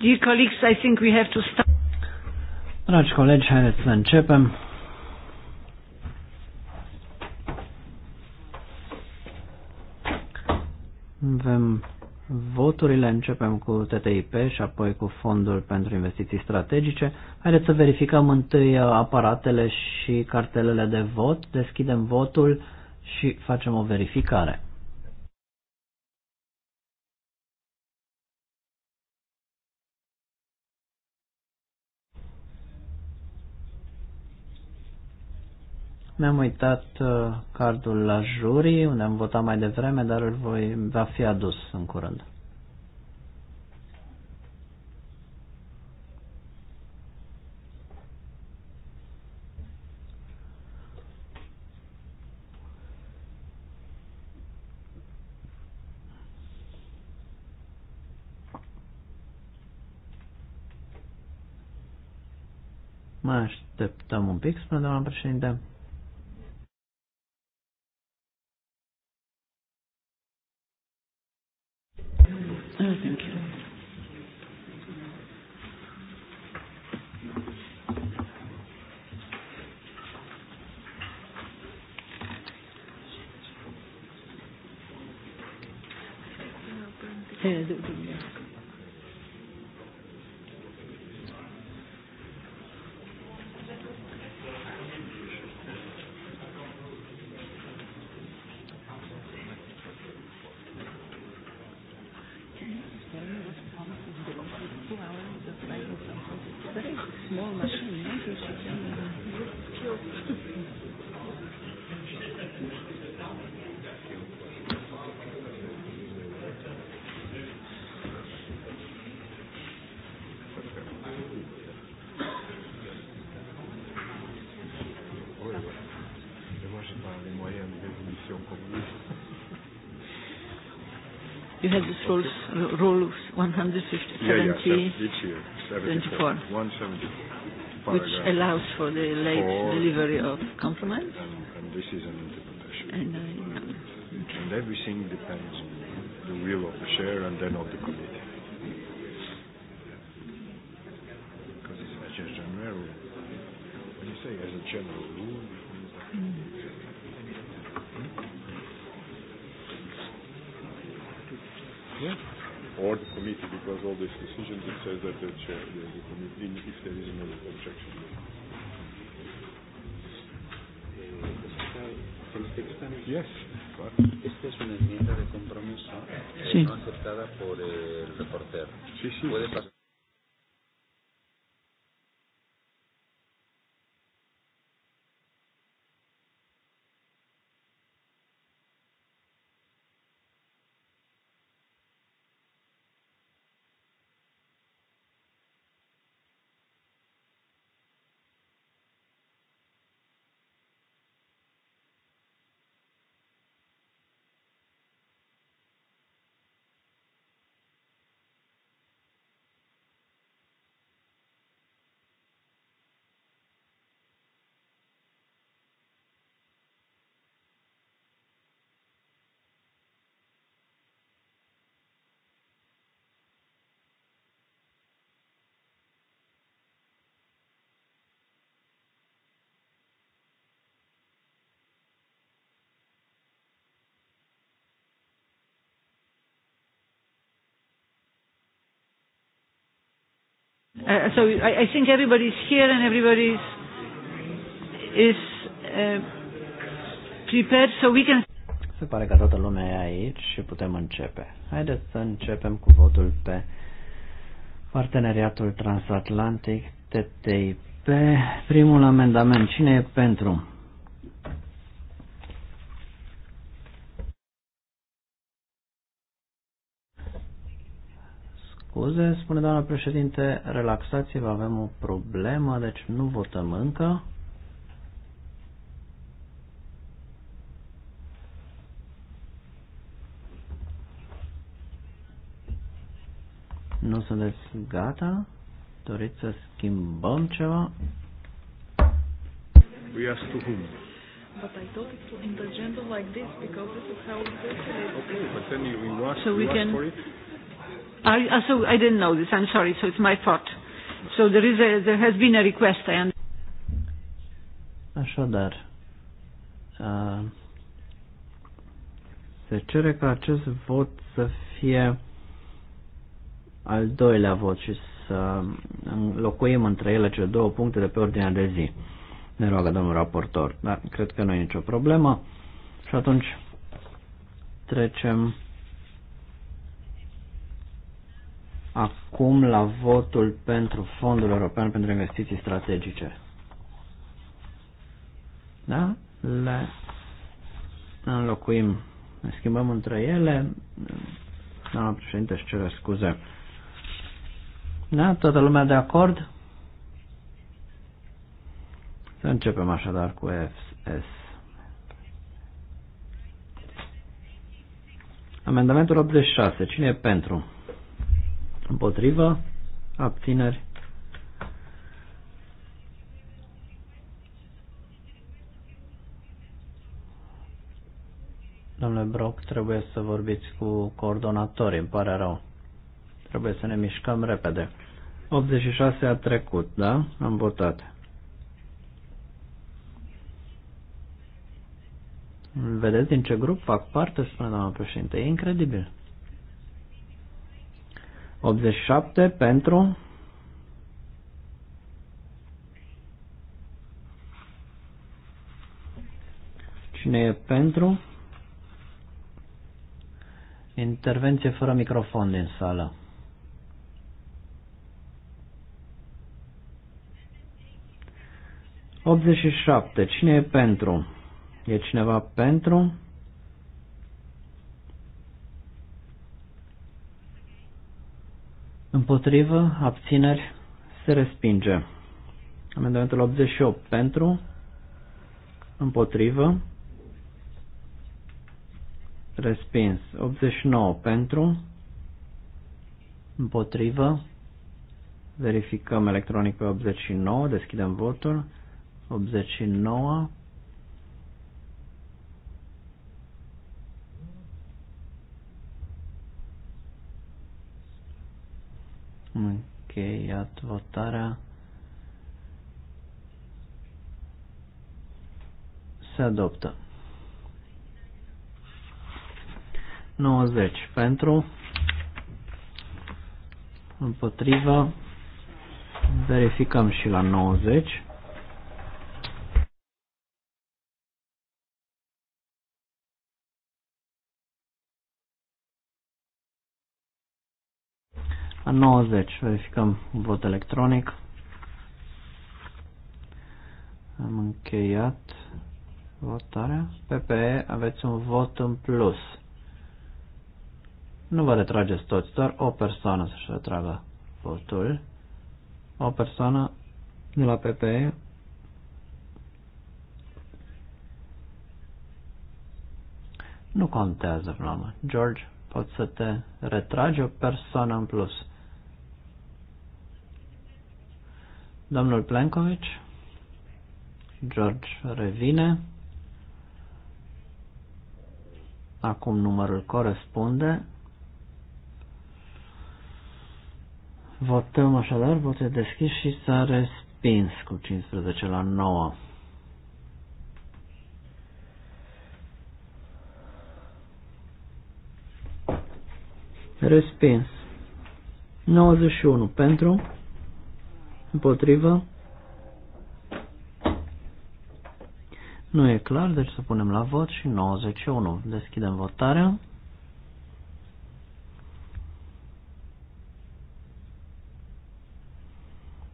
Dear colleagues, I think we have to start. Dragi colegi, haideți să începem. Avem voturile, începem cu TTIP și apoi cu Fondul pentru Investiții Strategice. Haideți să verificăm întâi aparatele și cartelele de vot, deschidem votul și facem o verificare. Mi-am uitat uh, cardul la juri, unde am votat mai devreme, dar îl voi, va fi adus în curând. Mă așteptăm un pic, spune doamna președinte. You have this rules, rule 170, yeah, yeah, 74, 174 which allows for the late four, delivery of compliments. And, and this is an interpretation. And, uh, and everything depends on the will of the chair and then of the committee. chair of the committee if there is no objection. Yes. Esta es una enmienda de compromiso sí. no aceptada por el reportero. Sí, sí. ¿Puede pasar? Uh, so I, I think everybody's here and everybody's is uh, prepared so we can se pare că toată lumea e aici și putem începe. Haideți să începem cu votul pe parteneriatul transatlantic TTIP. Primul amendament. Cine e pentru? scuze, spune doamna președinte, relaxați-vă, avem o problemă, deci nu votăm încă. Nu sunteți gata? Doriți să schimbăm ceva? We ask to whom? But I thought it's in the like this because this is how it is. Okay, but then you, you ask, so we ask can... for it. I, so I didn't know this. I'm sorry. So it's my fault. So there is a, there has been a request. I Așadar, uh, se cere ca acest vot să fie al doilea vot și să înlocuim între ele cele două puncte de pe ordinea de zi. Ne roagă domnul raportor, dar cred că nu e nicio problemă. Și atunci trecem acum la votul pentru Fondul European pentru Investiții Strategice. Da? Le înlocuim, ne schimbăm între ele. Doamna președinte își cere scuze. Da? Toată lumea de acord? Să începem așadar cu FS. Amendamentul 86. Cine e pentru? Împotrivă. Abțineri. Domnule Brock, trebuie să vorbiți cu coordonatorii, îmi pare rău. Trebuie să ne mișcăm repede. 86 a trecut, da? Am votat. Vedeți din ce grup fac parte, spune doamna președinte. E incredibil. 87 pentru, cine e pentru, intervenție fără microfon din sală. Optzeci și șapte. Cine e pentru? E cineva pentru? Împotrivă, abțineri, se respinge. Amendamentul 88 pentru, împotrivă, respins. 89 pentru, împotrivă, verificăm electronic pe 89, deschidem votul, 89 Am încheiat votarea. Se adoptă. 90 pentru, împotriva, verificăm și la 90. La 90 verificăm vot electronic. Am încheiat votarea. PPE, aveți un vot în plus. Nu vă retrageți toți, doar o persoană să-și retragă votul. O persoană de la PPE. Nu contează, vreau George, poți să te retragi o persoană în plus. Domnul Plenkovici. George revine. Acum numărul corespunde. Votăm așadar, vot deschis și s-a respins cu 15 la 9. Respins. 91 pentru Împotrivă. Nu e clar, deci să punem la vot și 91. Deschidem votarea.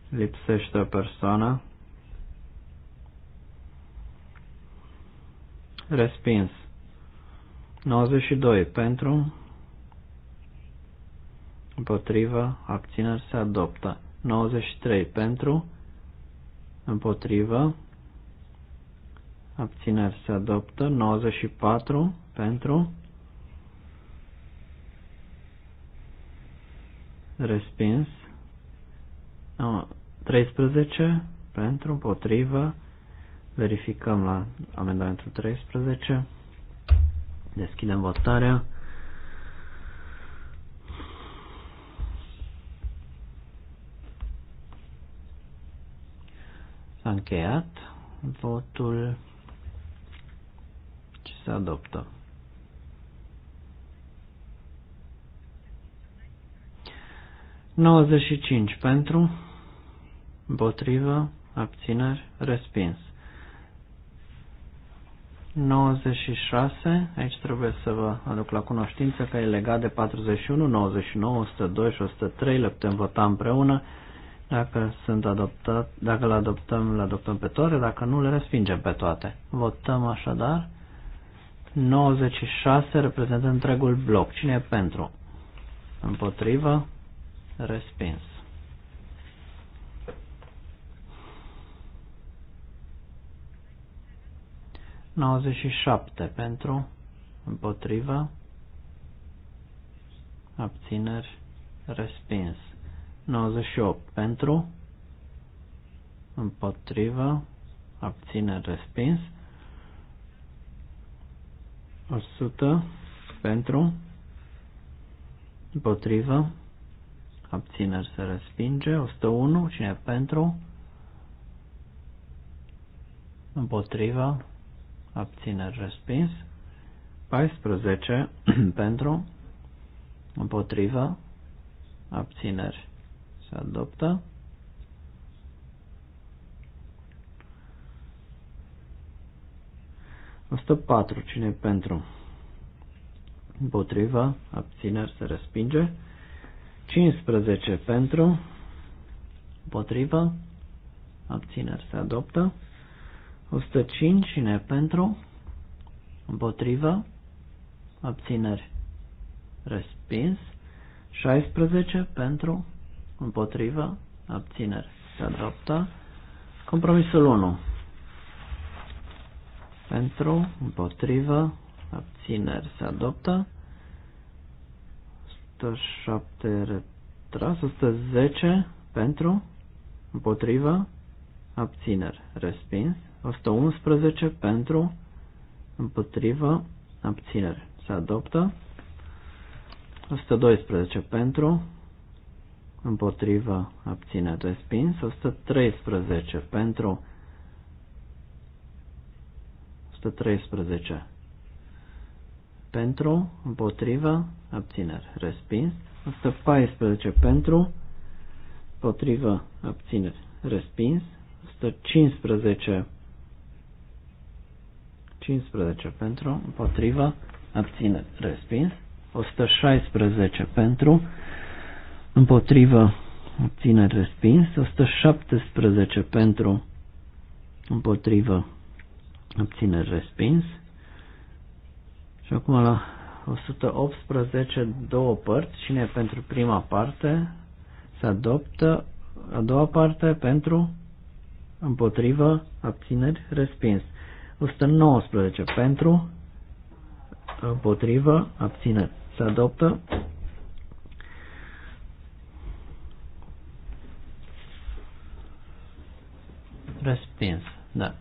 Lipsește o persoană. Respins. 92 pentru, împotrivă, abțineri se adoptă. 93 pentru, împotrivă, abțineri se adoptă, 94 pentru, respins, 13 pentru, împotrivă, verificăm la amendamentul 13, deschidem votarea, încheiat votul ce se adoptă. Nouăzeci și cinci pentru, împotrivă, abțineri, respins. 96, aici trebuie să vă aduc la cunoștință că e legat de 41, 99, nouăzeci și trei, le putem vota împreună. Dacă sunt adoptat, dacă le adoptăm, le adoptăm pe toate, dacă nu, le respingem pe toate. Votăm așadar 96 reprezintă întregul bloc. Cine e pentru? Împotrivă? Respins. Nouăzeci și șapte pentru, împotrivă, abțineri, respins. 98 pentru, împotrivă, abține, respins. 100 pentru, împotrivă, abțineri se respinge, 101, cine pentru, împotrivă, abțineri respins, 14, pentru, împotrivă, abțineri se adoptă. Asta 4. Cine pentru? Împotriva. Abțineri se respinge. 15 pentru. Împotriva. Abțineri se adoptă. 105. Cine pentru? Împotriva. Abțineri respins. 16 pentru împotrivă, abțineri se adoptă. Compromisul 1. Pentru, împotrivă, abțineri se adoptă. 107 retras, 110 pentru, împotrivă, abțineri respins. 111 pentru, împotrivă, abțineri se adoptă. 112 pentru, împotriva de spins, 113 pentru 113 pentru, împotriva, abțineri respins, 114 pentru, împotriva, abțineri respins, 115 15 pentru, împotriva, abțineri respins, 116 pentru, împotrivă, obține respins, 117 pentru, împotrivă, obține respins. Și acum la 118, două părți, cine e pentru prima parte, se adoptă, a doua parte pentru, împotrivă, abțineri respins. 119 pentru, împotrivă, abțineri se adoptă, Respins, da.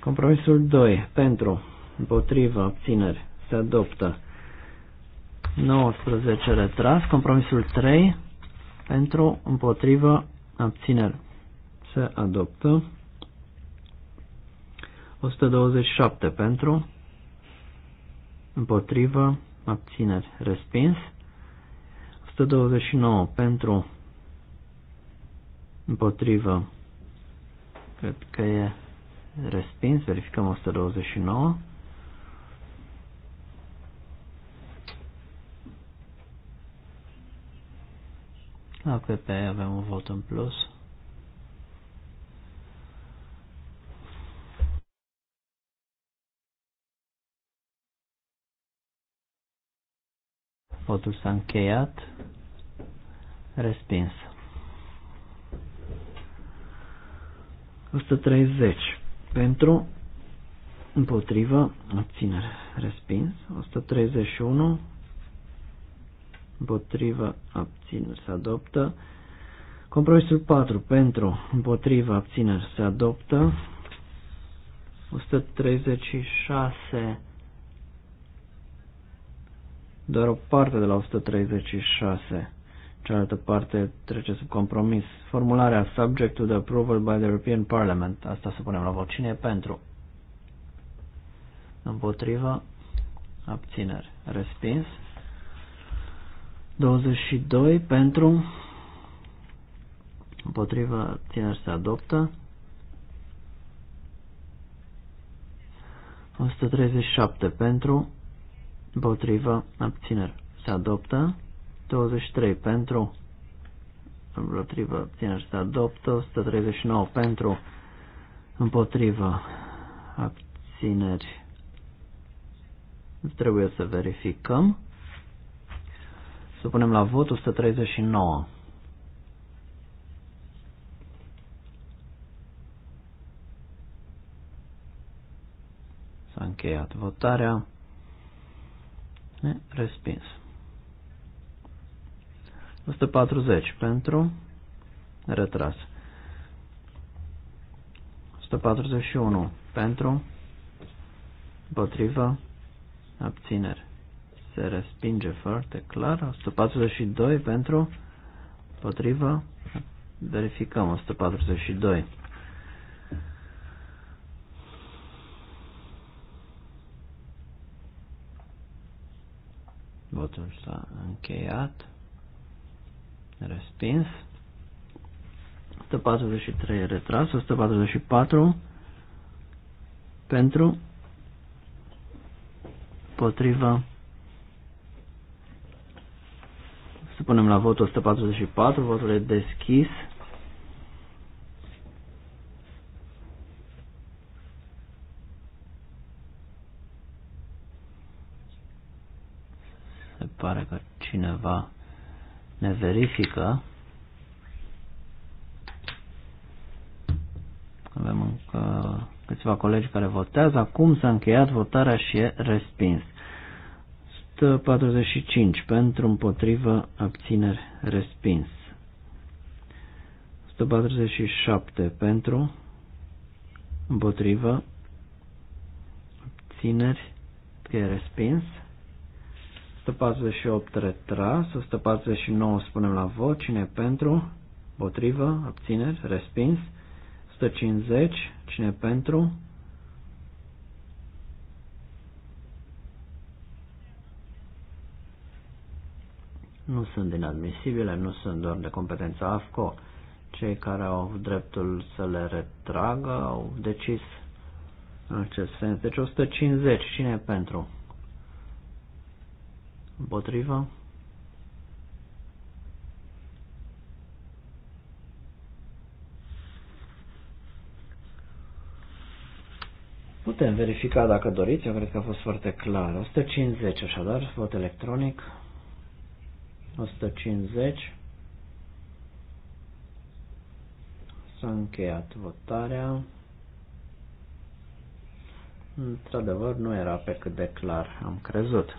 Compromisul 2. Pentru, împotrivă, abțineri. Se adoptă. 19 retras. Compromisul 3. Pentru, împotrivă, abțineri. Se adoptă. 127 pentru, împotrivă, abțineri, respins. 129 pentru, împotrivă, cred că e respins, verificăm 129. La PP avem un vot în plus. Votul s-a încheiat. Respins. 130 pentru, împotrivă, abținere, respins. 131 împotrivă, abținere, se adoptă. Compromisul 4 pentru, împotrivă, abținere, se adoptă. 136 doar o parte de la 136 Cealaltă parte trece sub compromis. Formularea subject to the approval by the European Parliament. Asta să punem la vot. Cine e pentru? Împotrivă? Abțineri. Respins. 22 pentru. Împotrivă Abțineri se adoptă. 137 pentru. Împotrivă Abțineri se adoptă. 23 pentru, împotrivă, și se adoptă, 139 pentru, împotrivă, abțineri. Trebuie să verificăm. Să punem la vot 139. S-a încheiat votarea. Respins. 140 pentru, retras. 141 pentru, împotrivă, abțineri. Se respinge foarte clar. 142 pentru, împotrivă, verificăm 142. Votul s-a încheiat. Respins. 143 retras, 144 pentru, potriva, să punem la votul 144, votul e deschis. Se pare că cineva ne verifică. Avem încă câțiva colegi care votează. Acum s-a încheiat votarea și e respins. 145 pentru, împotrivă, abțineri, respins. 147 pentru, împotrivă, abțineri, e respins. 148 retras, 149 spunem la vot, cine pentru, potrivă, abțineri, respins, 150, cine pentru, nu sunt inadmisibile, nu sunt doar de competența AFCO. Cei care au dreptul să le retragă au decis în acest sens. Deci 150, cine pentru? Împotrivă. Putem verifica dacă doriți, eu cred că a fost foarte clar. 150 așadar, vot electronic. 150. S-a încheiat votarea. Într-adevăr, nu era pe cât de clar am crezut.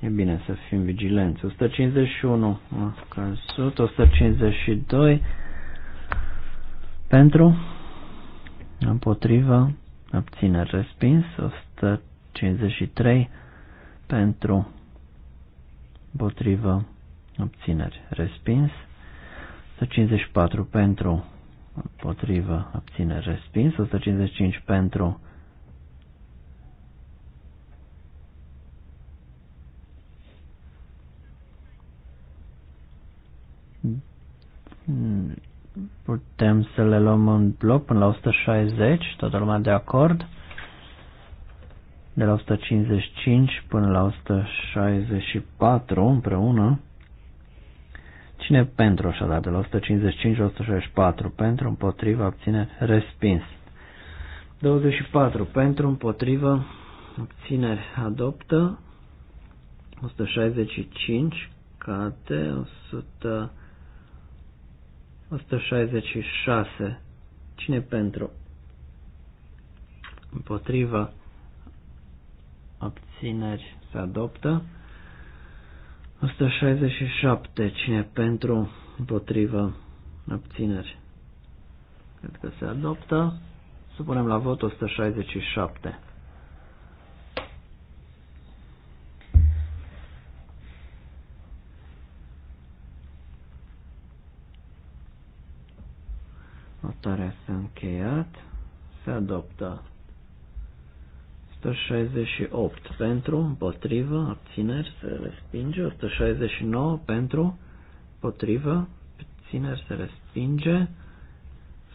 E bine să fim vigilenți. 151 a căzut, 152 pentru, împotriva, abține respins, 153 pentru, împotriva, abțineri respins, 154 pentru, împotrivă, abțineri respins, 155 pentru, Putem să le luăm în bloc până la 160, toată lumea de acord. De la 155 până la 164 împreună. Cine pentru așadar? De la 155 la 164 pentru, împotriva, obține respins. 24 pentru, împotriva, abțineri, adoptă. 165 cate, 100 166. Cine pentru? Împotriva. Abțineri se adoptă. 167. Cine pentru? Împotriva. Abțineri. Cred că se adoptă. Supunem la vot 167. s-a încheiat, se adoptă 168 pentru, împotrivă, abțineri, se respinge, 169 pentru, împotrivă, abțineri, se respinge,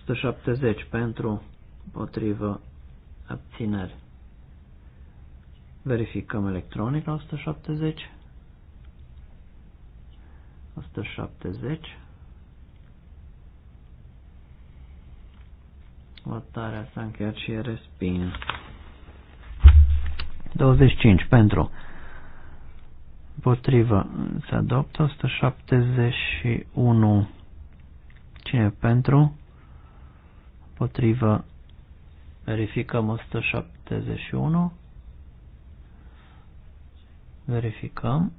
170 pentru, împotrivă, abțineri. Verificăm electronic la 170. 170. Votarea s-a încheiat și e respins. 25 pentru. Potrivă. Se adoptă 171. Cine pentru? Potrivă. Verificăm 171. Verificăm.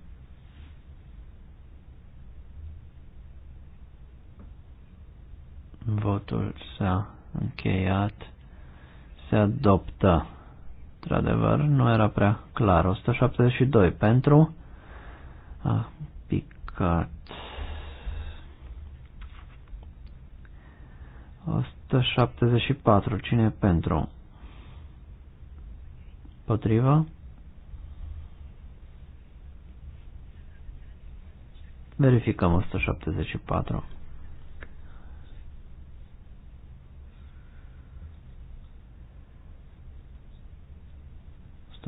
Votul s-a încheiat, se adoptă. Într-adevăr, nu era prea clar. 172 pentru, a picat. 174, cine e pentru? Potrivă? Verificăm 174.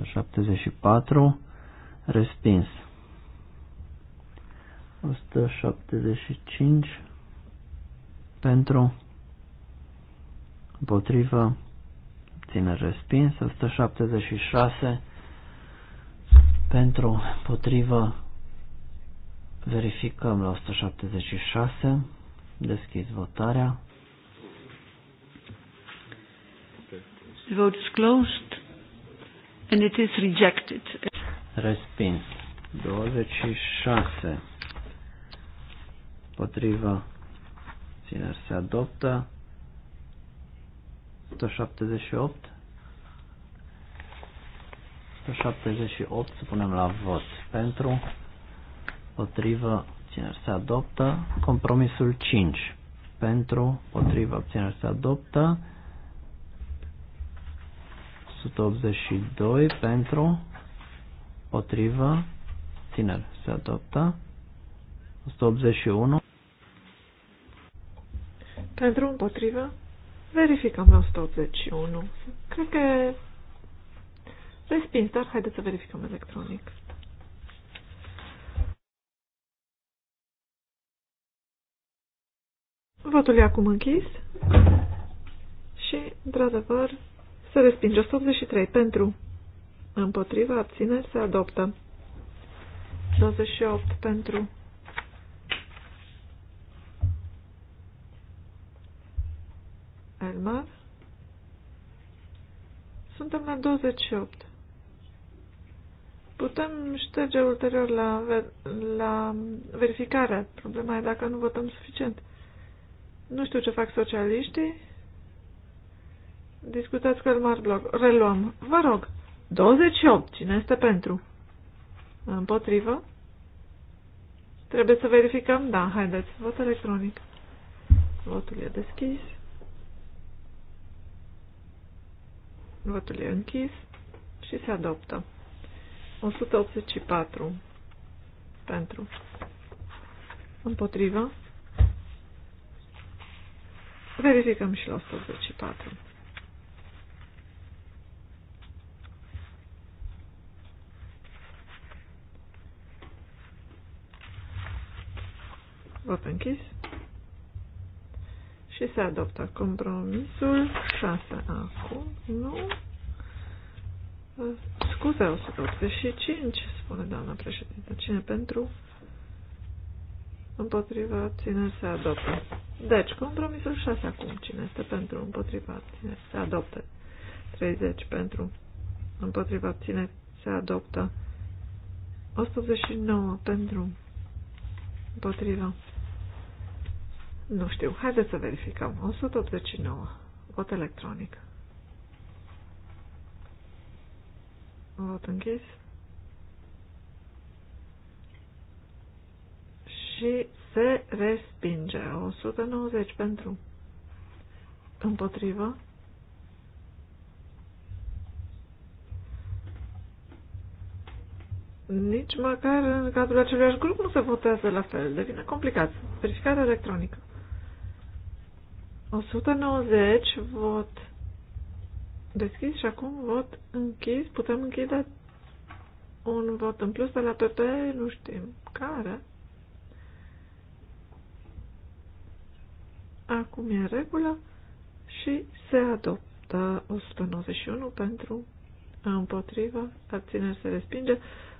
174, respins. 175 pentru, împotrivă, ține respins. 176 pentru, împotrivă, verificăm la 176, deschis votarea. The vote is closed and it is rejected. Respins. 26. Potriva. Cine se adoptă. 178. 178 să punem la vot pentru, Potriva. Cine se adoptă, compromisul 5 pentru, Potriva. Cine se adoptă, 182 pentru, potrivă, tineri se adoptă. 181 pentru, împotrivă, verificăm la 181. Cred că respins, dar haideți să verificăm electronic. Votul e acum închis și, într-adevăr, să respinge 183 pentru. Împotriva abțineri se adoptă. 28 pentru. Elmar. Suntem la 28. Putem șterge ulterior la, la verificare. Problema e dacă nu votăm suficient. Nu știu ce fac socialiștii. Discutați că mar blog. Reluăm. Vă rog. 28. Cine este pentru? Împotrivă? Trebuie să verificăm? Da, haideți. Vot electronic. Votul e deschis. Votul e închis și se adoptă. 184 pentru. Împotrivă. Verificăm și la 184. Vot închis. Și se adoptă compromisul 6 acum, nu? Scuze, 185, spune doamna președintă. Cine pentru? Împotriva ține, se adoptă. Deci, compromisul 6 acum. Cine este pentru? Împotriva ține, se adoptă. 30 pentru. Împotriva ține, se adoptă. 189 pentru. Împotriva nu știu. Haideți să verificăm. 189. Vot electronic. Vot închis. Și se respinge. 190 pentru. Împotrivă. Nici măcar în cadrul acelui grup nu se votează la fel. Devine complicat. Verificare electronică. 190 vot deschis și acum vot închis. Putem închide un vot în plus de la PP, nu știm care. Acum e regulă și se adoptă 191 pentru împotriva, abțineri se respinge,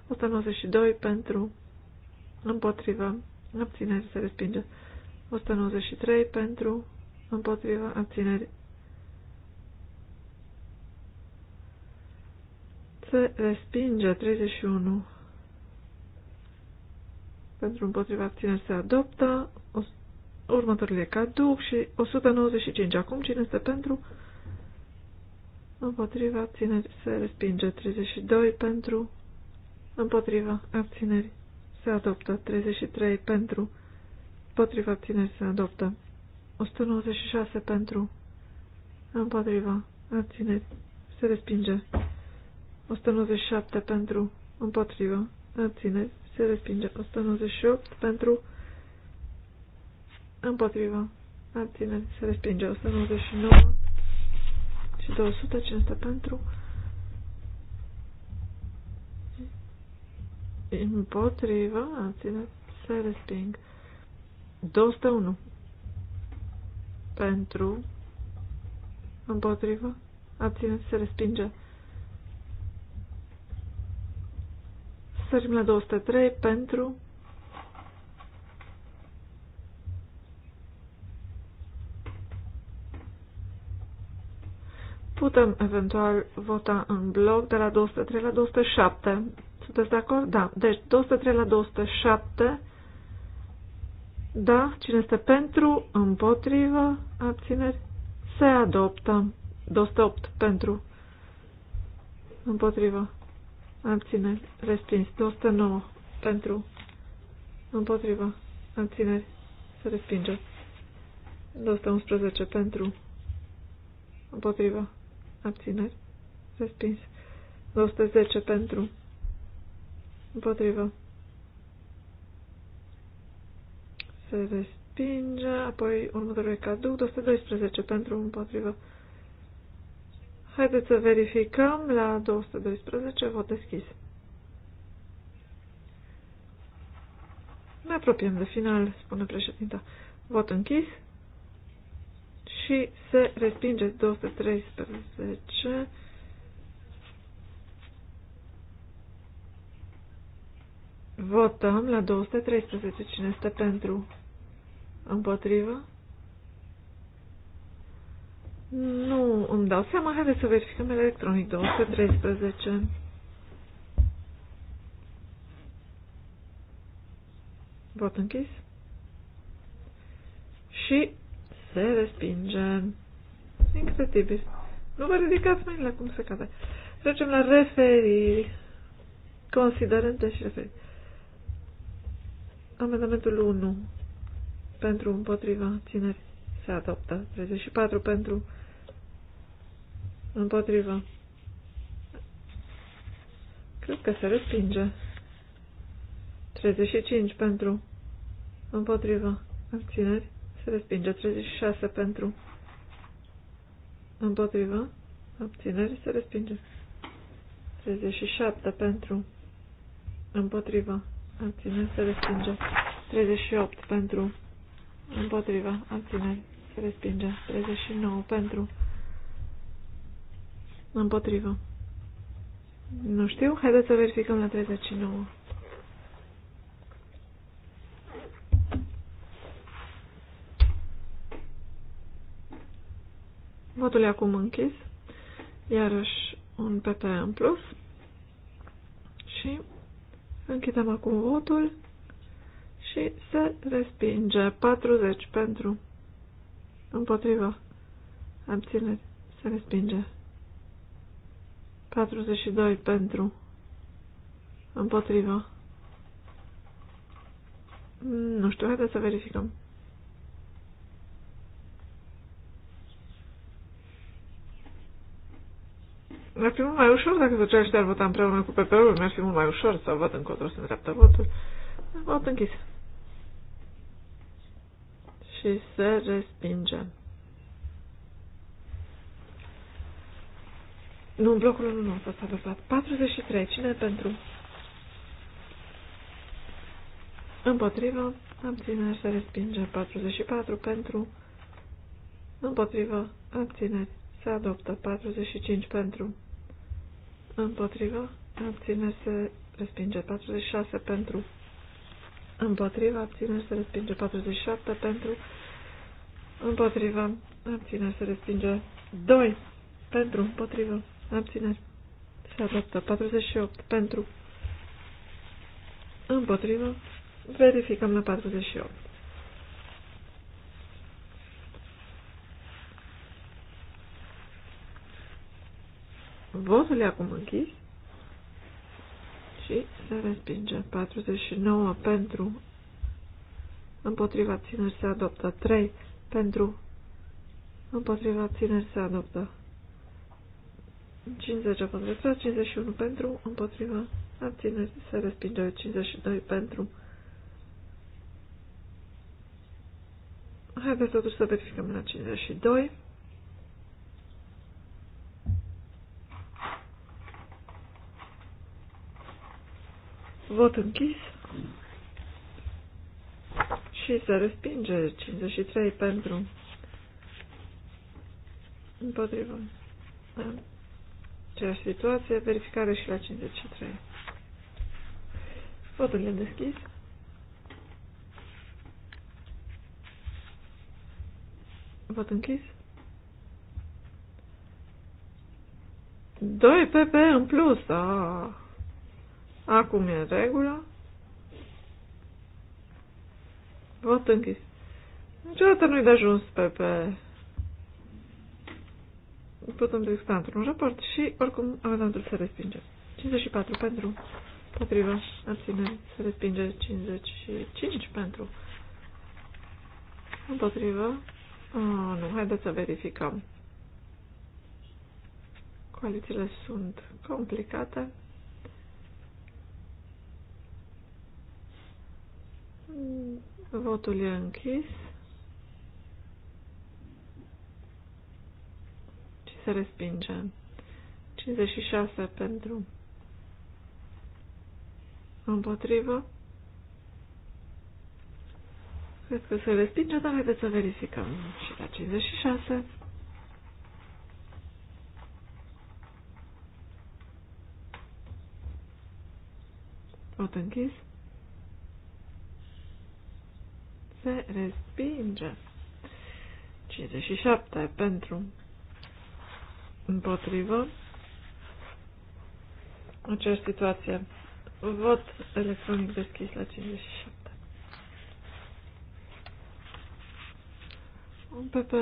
192 pentru împotriva, abțineri se respinge, 193 pentru împotriva abținerii. se respinge 31 pentru împotriva abținerii. se adoptă următorile caduc și 195 acum cine este pentru împotriva abținerii? se respinge 32 pentru împotriva abținerii. se adoptă 33 pentru împotriva abținerii. se adoptă 196 pentru, împotriva, abțineri, se respinge. 197 pentru, împotriva, abțineri, se respinge. 198 pentru, împotriva, abțineri, se respinge. 199 și 200, pentru, împotriva, abțineri, se resping. 201 pentru, împotrivă, abțineri se respinge. Sărim la 203 pentru, Putem eventual vota în bloc de la 203 la 207. Sunteți de acord? Da. Deci 203 la 207 da, cine este pentru, împotrivă, abțineri, se adoptă. 208 pentru, împotrivă, abțineri, respins. 209 pentru, împotrivă, abțineri, se respinge. 211 pentru, împotrivă, abțineri, respins. 210 pentru, împotrivă, se respinge, apoi următorul e caduc, 212 pentru împotrivă. Haideți să verificăm la 212, vot deschis. Ne apropiem de final, spune președinta. Vot închis și se respinge 213 Votăm la 213. Cine este pentru? Împotrivă? Nu îmi dau seama. Haideți să verificăm electronic. 213. Vot închis. Și se respinge. Incredibil. Nu vă ridicați mâinile cum se cade. Trecem la referiri. Considerente și referiri. Amendamentul 1 pentru împotriva țineri se adoptă. 34 pentru împotriva. Cred că se respinge. 35 pentru împotriva abțineri se respinge. 36 pentru împotriva abțineri se respinge. 37 pentru împotriva abține se respinge. 38 pentru, împotriva, abține se respinge. 39 pentru, împotriva. Nu știu, haideți să verificăm la 39. Votul e acum închis. Iarăși un PP în plus. Și Închidem acum votul și se respinge 40 pentru împotriva abțineri se respinge 42 pentru împotriva nu știu, haideți să verificăm Mi-ar fi mult mai ușor dacă socialiștii ar vota împreună cu PP-ul, mi-ar fi mult mai ușor să văd încotro să îndreaptă votul. Vot închis. Și se respinge. Nu, în blocul 1 nu a fost adoptat. 43. Cine pentru? Împotrivă. Abțineri se respinge. 44. Pentru. Împotrivă. Abțineri. Se adoptă. 45. Pentru împotrivă, abține se respinge 46 pentru, împotrivă, abține se respinge 47 pentru, împotrivă, abține se respinge 2 pentru, împotrivă, abține se adoptă 48 pentru, împotrivă, verificăm la 48. Vă să le acum închis și se respinge. 49 pentru, împotriva țineri se adoptă. 3 pentru, împotriva țineri se adoptă. 50 a fost 51 pentru, împotriva abțineri se respinge. 52 pentru. Haideți totuși să verificăm la 52. Vot închis. Și se respinge 53 pentru. împotriva Da. Aceeași situație, verificare și la 53. Votul e deschis. Vot închis. 2 PP în plus, aaa. Acum e în regulă. Vot închis. Niciodată nu-i de ajuns pe, pe... Putem să într-un raport și, oricum, am să se respinge. 54 pentru, potrivă, abținere, să respinge 55 pentru, împotriva, oh, nu, haideți să verificăm. Coalițiile sunt complicate. Votul e închis. Și se respinge. 56 pentru. Împotrivă. Cred că se respinge, dar haideți să verificăm și la 56. Votul închis. se respinge. 57 pentru împotrivă aceeași situație. Vot electronic deschis la 57. Un PP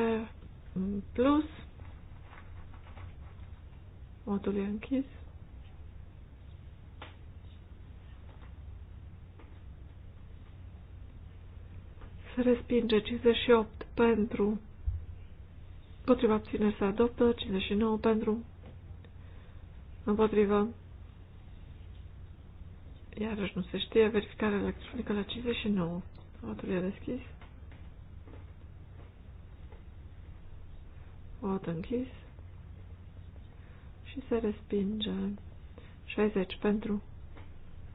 plus. Votul e închis. se respinge 58 pentru, împotriva abțineri se adoptă 59 pentru, împotriva, iarăși nu se știe, verificarea electronică la 59, votul e deschis, vot închis și se respinge 60 pentru,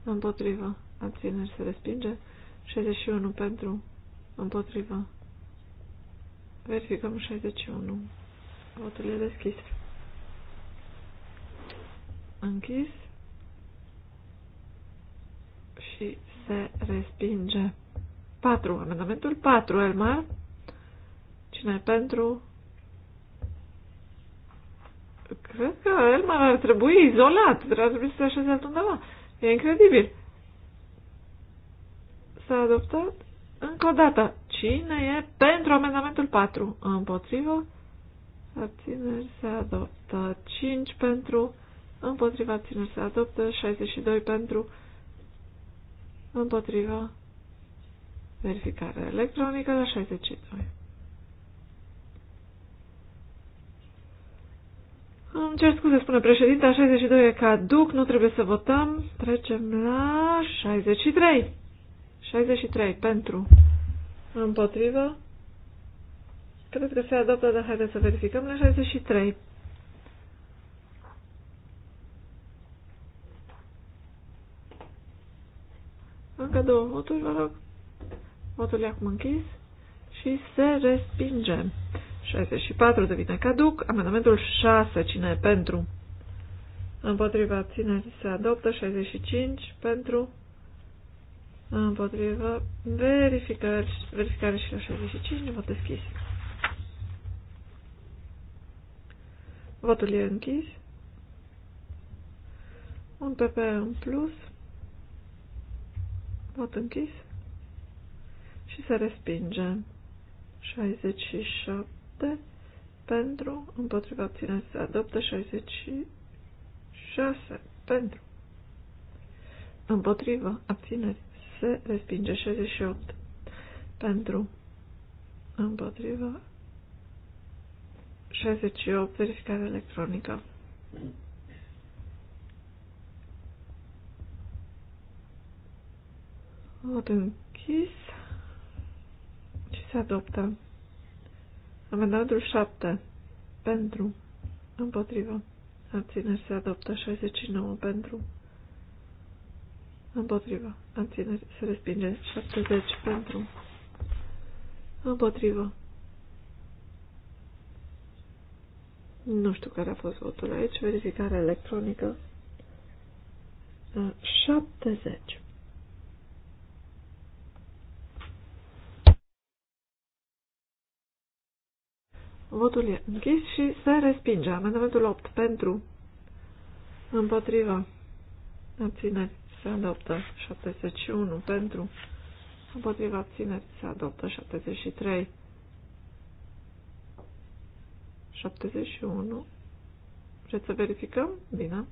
împotriva, abțineri se respinge 61 pentru, Împotriva. Verificăm 61. Votul e deschis. Închis. Și se respinge. 4. Amendamentul 4, Elmar. Cine e pentru? Cred că Elmar ar trebui izolat. Ar trebui să se așeze altundeva. E incredibil. S-a adoptat încă o dată, cine e pentru amendamentul 4? Împotrivă? Abțineri se adoptă. 5 pentru. Împotriva abțineri se adoptă. 62 pentru. Împotriva. Verificare electronică la 62. Îmi cer scuze, spune președinte, 62 e caduc, nu trebuie să votăm. Trecem la 63. 63. Pentru. Împotrivă. Cred că se adoptă, dar haideți să verificăm la 63. Încă două voturi, vă rog. Votul e acum închis și se respinge. 64 devine caduc. Amendamentul 6. Cine e pentru? Împotriva abținerii se adoptă. 65 pentru împotrivă, verificări, verificare și la 65, nu vot deschis. Votul e închis. Un PP în plus. Vot închis. Și se respinge. 67 pentru, împotriva abținere se adoptă 66 pentru, împotriva abținere se respinge 68 pentru împotriva 68 verificare electronică. Vot închis și se adoptă. Amendamentul 7 pentru împotriva abțineri se adoptă 69 pentru Împotrivă. Abțineri. Se respinge. 70 pentru. Împotrivă. Nu știu care a fost votul aici. Verificare electronică. 70. Votul e închis și se respinge. Amendamentul 8 pentru. Împotrivă. Abțineri se adoptă 71 pentru, împotriva abțineri se adoptă 73. 71. Vreți să verificăm? Bine.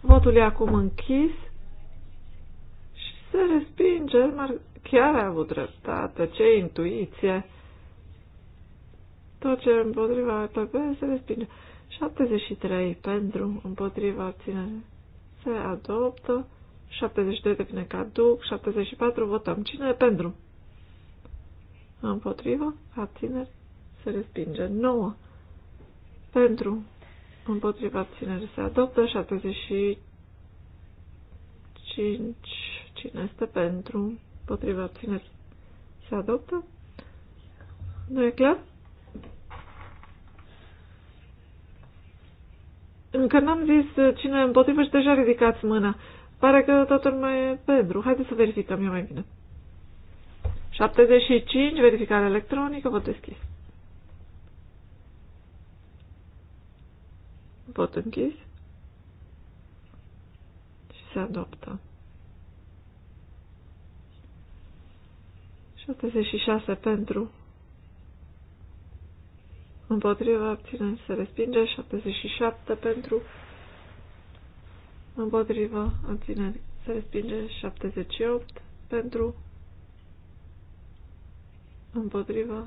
Votul e acum închis se respinge, Elmar chiar a avut dreptate, ce intuiție! Tot ce împotriva PP se respinge. 73 pentru, împotriva abținere, se adoptă. 72 devine caduc, 74 votăm. Cine e pentru? Împotriva abțineri, se respinge. 9. Pentru, împotriva abțineri, se adoptă. 75 Cine este pentru? Potriva cine Se adoptă? Nu e clar? Încă n-am zis cine împotrivă și deja ridicați mâna. Pare că toată lumea e pentru. Haideți să verificăm eu mai bine. 75, verificare electronică, vot deschis. Vot închis. Și se adoptă. 76 pentru. Împotriva abținând se respinge. 77 pentru. Împotriva abținând se respinge. 78 pentru. Împotriva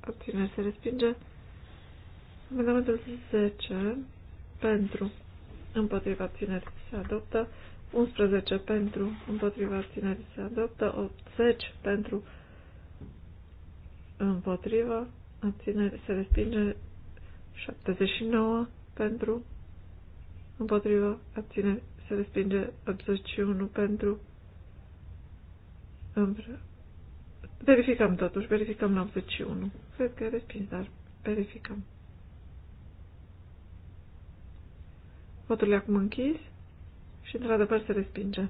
abținând se respinge. Amendamentul 10 pentru. Împotriva abținând se adoptă. 11 pentru, împotriva abținând se adoptă, 80 pentru, împotrivă, abține, se respinge 79 pentru, împotrivă, abține, se respinge 81 pentru, împre... verificăm totuși, verificăm la 81, cred că e respins, dar verificăm. Votul e acum închis și într-adevăr se respinge.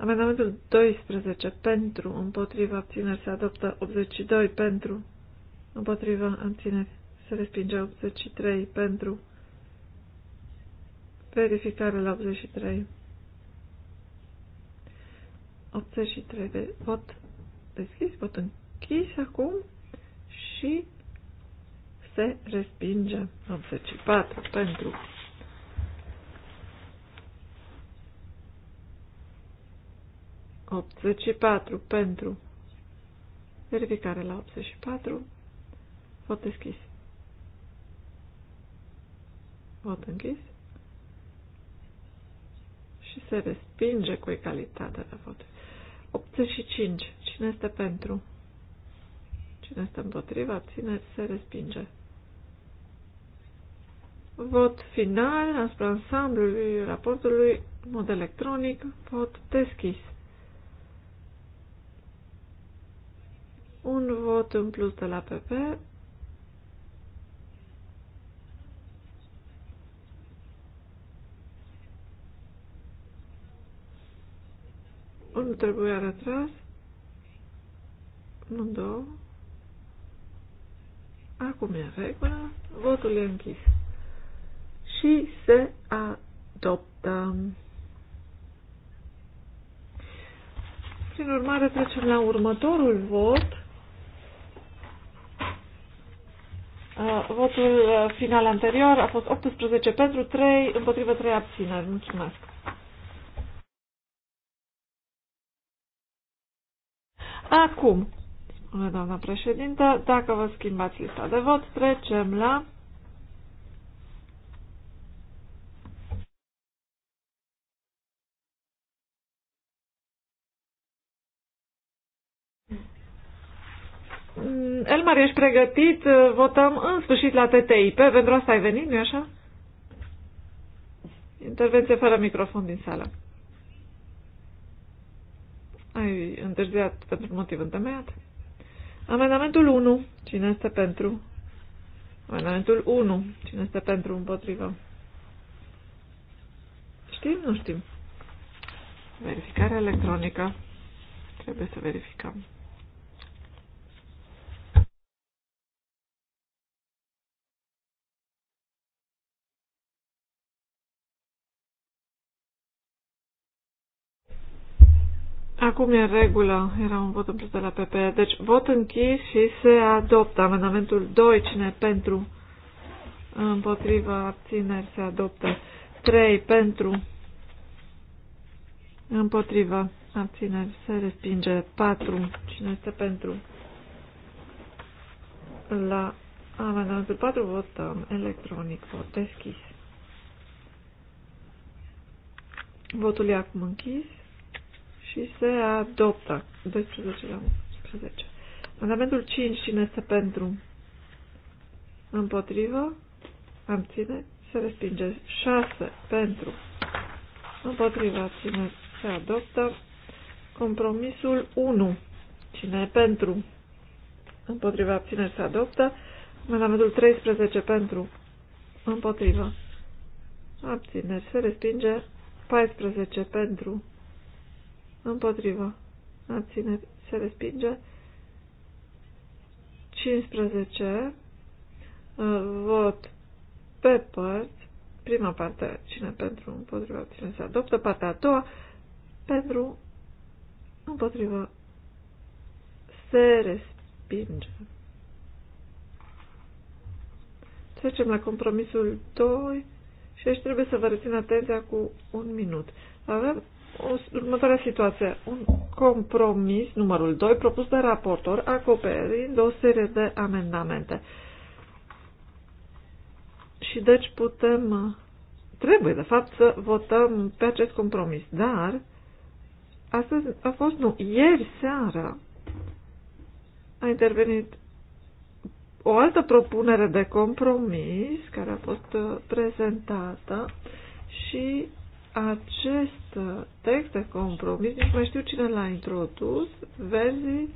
Amendamentul 12 pentru, împotriva, abțineri se adoptă 82 pentru, împotriva, abțineri se respinge 83 pentru, verificare la 83. 83 de vot deschis, vot închis acum și se respinge 84 pentru 84 pentru. Verificare la 84. Vot deschis. Vot închis. Și se respinge cu egalitatea de vot. 85. Cine este pentru? Cine este împotriva? ține se respinge. Vot final asupra ansamblului raportului, mod electronic, vot deschis. Un vot în plus de la PP. Unul trebuie retras. Nu două. Acum e în regulă. Votul e închis. Și se adoptă. Prin urmare, trecem la următorul vot. Uh, votul uh, final anterior a fost 18 pentru 3, împotrivă 3 abțineri. Mulțumesc. Acum, doamna președintă, dacă vă schimbați lista de vot, trecem la Mm, Elmar, ești pregătit? Uh, Votăm în sfârșit la TTIP. Pentru asta ai venit, nu-i așa? Intervenție fără microfon din sală. Ai întârziat pentru motiv întemeiat. Amendamentul 1. Cine este pentru? Amendamentul 1. Cine este pentru împotrivă? Știm? Nu știm. Verificarea electronică. Trebuie să verificăm. Acum e în regulă, era un vot în plus de la PP. Deci vot închis și se adoptă amendamentul 2, cine pentru, împotriva abțineri, se adoptă. 3, pentru, împotriva abțineri, se respinge. 4, cine este pentru? La amendamentul 4 votăm electronic, vot deschis. Votul e acum închis și se adoptă. 12 la 11. Mandamentul 5, cine este pentru? Împotrivă? ține? Se respinge. 6, pentru. Împotrivă, ține, Se adoptă. Compromisul 1, cine e pentru? Împotrivă, ține, Se adoptă. Mandamentul 13, pentru. Împotrivă. Abțineri. Se respinge 14 pentru împotrivă, abțineri, se respinge. 15, uh, vot pe părți, prima parte, cine pentru, împotriva, cine se adoptă, partea a doua, pentru, împotriva, se respinge. Trecem la compromisul 2 și aici trebuie să vă rețin atenția cu un minut. Avem următoarea situație. Un compromis, numărul 2, propus de raportor, acoperind o serie de amendamente. Și deci putem, uh, trebuie de fapt să votăm pe acest compromis, dar astăzi a fost, nu, ieri seara a intervenit o altă propunere de compromis care a fost uh, prezentată și acest text de compromis, nici mai știu cine l-a introdus, verzi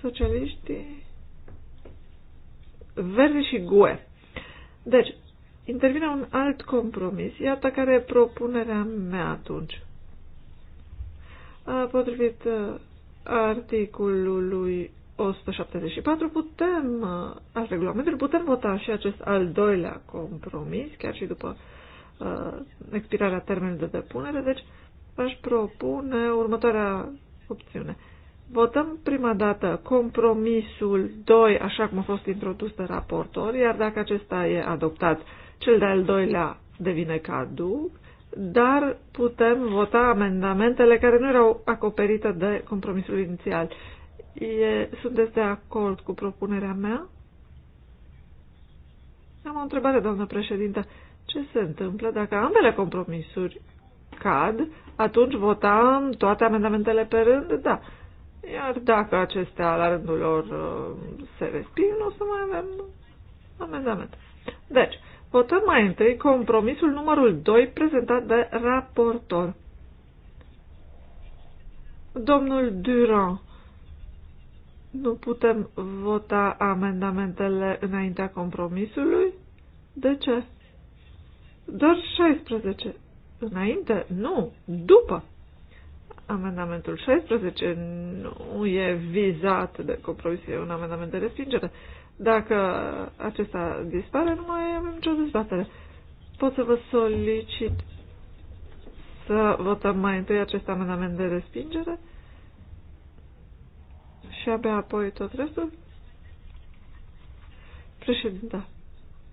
socialiștii, verzi și GUE. Deci, intervine un alt compromis. Iată care e propunerea mea atunci. Potrivit uh, articolului 174 putem, uh, al regulamentului, putem vota și acest al doilea compromis, chiar și după uh, uh, expirarea termenului de depunere, deci aș propune următoarea opțiune. Votăm prima dată compromisul 2, așa cum a fost introdus de raportor, iar dacă acesta e adoptat, cel de-al doilea devine cadu, dar putem vota amendamentele care nu erau acoperite de compromisul inițial. E, sunteți de acord cu propunerea mea? Am o întrebare, doamnă președintă. Ce se întâmplă dacă ambele compromisuri cad, atunci votam toate amendamentele pe rând? Da. Iar dacă acestea la rândul lor uh, se resping, nu o să mai avem amendamente. Deci, votăm mai întâi compromisul numărul 2 prezentat de raportor. Domnul Durand, nu putem vota amendamentele înaintea compromisului? De ce? Doar 16. Înainte? Nu. După. Amendamentul 16 nu e vizat de compromisie, un amendament de respingere. Dacă acesta dispare, nu mai avem nicio dezbatere. Pot să vă solicit să votăm mai întâi acest amendament de respingere și abia apoi tot restul? Președinte,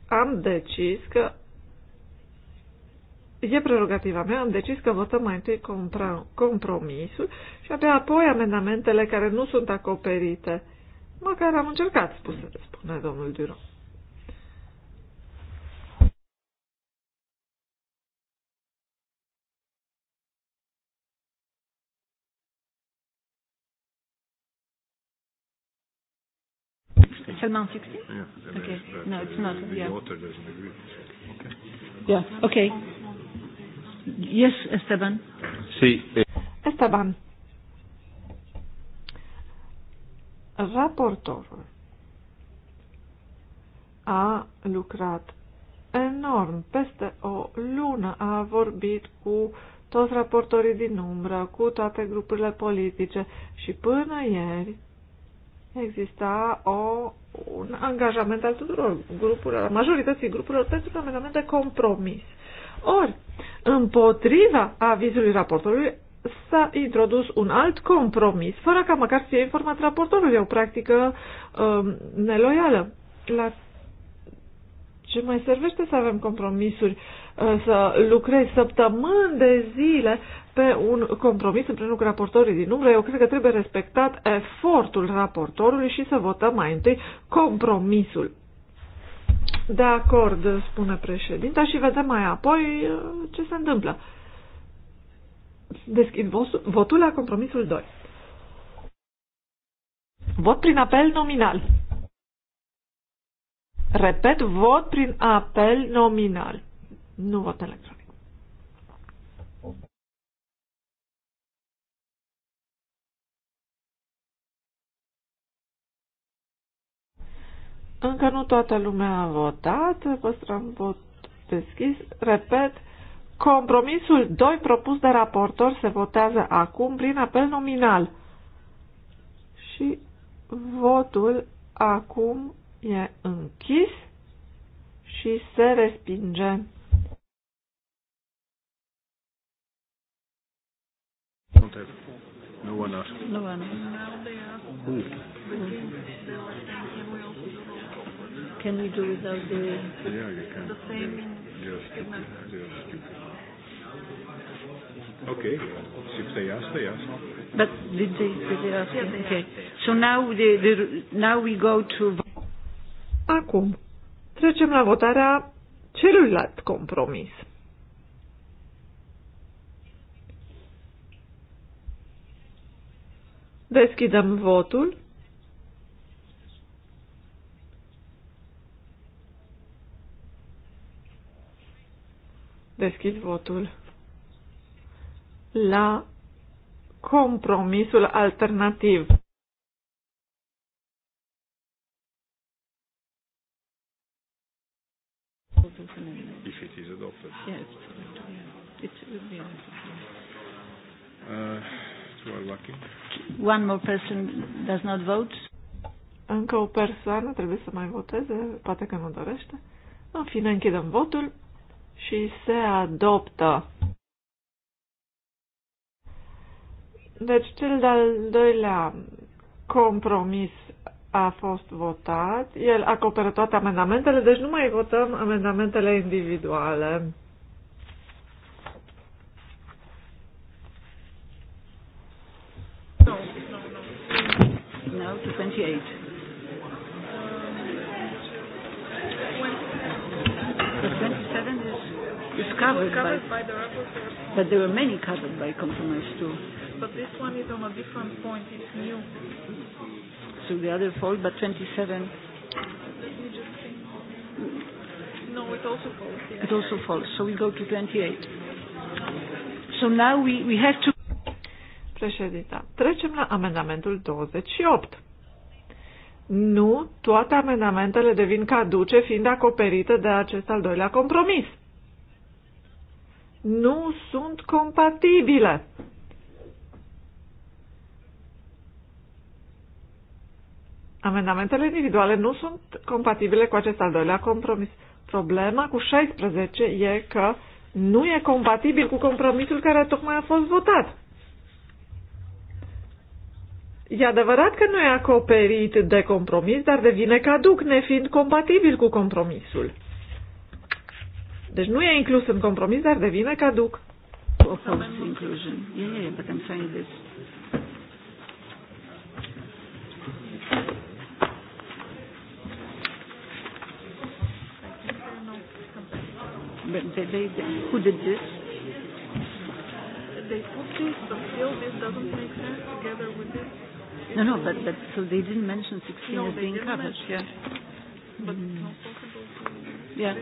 am decis că e prerogativa mea, am decis că votăm mai întâi contra, compromisul și abia apoi amendamentele care nu sunt acoperite. Măcar am încercat, spuse, spune domnul Duro. Seulement 60? Yeah, okay. No, it's not. Yeah. The author doesn't agree. Okay. Yeah. Okay. Yes, Esteban. Sí. Eh. Esteban. Raportorul a lucrat enorm. Peste o lună a vorbit cu toți raportorii din umbră, cu toate grupurile politice și până ieri exista o, un angajament al tuturor grupurilor, majorității grupurilor pentru un angajament de compromis. Ori, împotriva avizului raportorului s-a introdus un alt compromis, fără ca măcar să fie informat raportorul. E o practică um, neloială. La ce mai servește să avem compromisuri, uh, să lucrezi săptămâni de zile pe un compromis împreună cu raportorii din umbră, eu cred că trebuie respectat efortul raportorului și să votăm mai întâi compromisul. De acord, spune președinta și vedem mai apoi uh, ce se întâmplă. Deschid votul la compromisul 2. Vot prin apel nominal. Repet, vot prin apel nominal. Nu vot electronic. Încă nu toată lumea a votat, păstrăm vot deschis. Repet, compromisul 2 propus de raportor se votează acum prin apel nominal. Și votul acum e închis și se respinge. Nu, nu, nu. Nu, nu can we do without the... Yeah, you can. The same they're, Okay. If they ask, they ask. But did they, did they ask? Yeah, they okay. So now, the, the, now we go to... Acum, trecem la votarea celuilalt compromis. Deschidem votul. Deschid votul la compromisul alternativ. If it is adopted. Yes. It will be uh, lucky. One more person does not vote. Încă o persoană trebuie să mai voteze, poate că nu dorește. În fine, închidem votul și se adoptă. Deci cel de-al doilea compromis a fost votat, el acoperă toate amendamentele, deci nu mai votăm amendamentele individuale. No, no, no. No, to 28. covered, covered by, by the rapporteurs. But there were many covered by compromise too. But this one is on a different point. It's new. So the other fall, but 27. No, it also falls. Yeah. It also falls. So we go to 28. So now we, we have to. Președinta, trecem la amendamentul 28. Nu, toate amendamentele devin caduce fiind acoperite de acest al doilea compromis nu sunt compatibile. Amendamentele individuale nu sunt compatibile cu acest al doilea compromis. Problema cu 16 e că nu e compatibil cu compromisul care tocmai a fost votat. E adevărat că nu e acoperit de compromis, dar devine caduc, nefiind compatibil cu compromisul. Deci nu e inclus în compromis, dar devine caduc. but I'm they, they, who did this? They put this, but still this doesn't make sense together with this. No, no, but, but so they didn't mention 16 no, as being covered. Yeah. But mm. no, Yeah.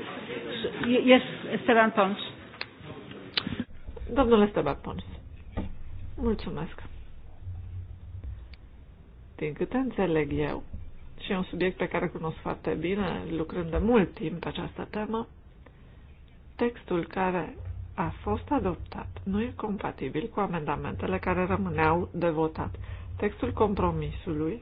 Yes, Esteban Pons. Domnul Esteban Pons. Mulțumesc. Din câte înțeleg eu, și e un subiect pe care cunosc foarte bine, lucrând de mult timp pe această temă, textul care a fost adoptat nu e compatibil cu amendamentele care rămâneau de votat. Textul compromisului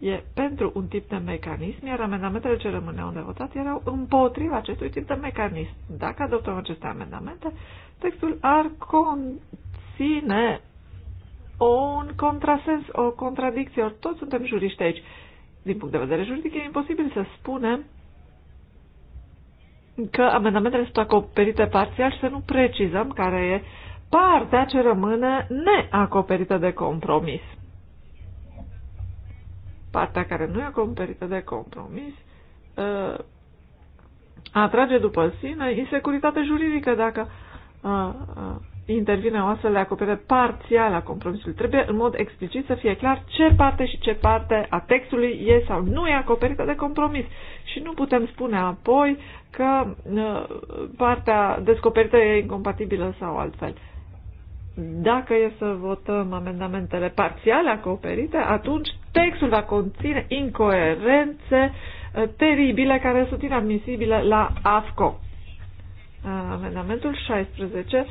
e pentru un tip de mecanism, iar amendamentele ce rămâneau de votat erau împotriva acestui tip de mecanism. Dacă adoptăm aceste amendamente, textul ar conține un contrasens, o contradicție. Ori toți suntem juriști aici. Din punct de vedere juridic, e imposibil să spunem că amendamentele sunt acoperite parțial și să nu precizăm care e partea ce rămâne neacoperită de compromis partea care nu e acoperită de compromis ă, atrage după sine insecuritate juridică dacă ă, ă, intervine o astfel de acoperire parțială a compromisului. Trebuie în mod explicit să fie clar ce parte și ce parte a textului e sau nu e acoperită de compromis. Și nu putem spune apoi că partea descoperită e incompatibilă sau altfel. Dacă e să votăm amendamentele parțiale acoperite, atunci textul va conține incoerențe uh, teribile care sunt inadmisibile la AFCO. Uh, amendamentul 16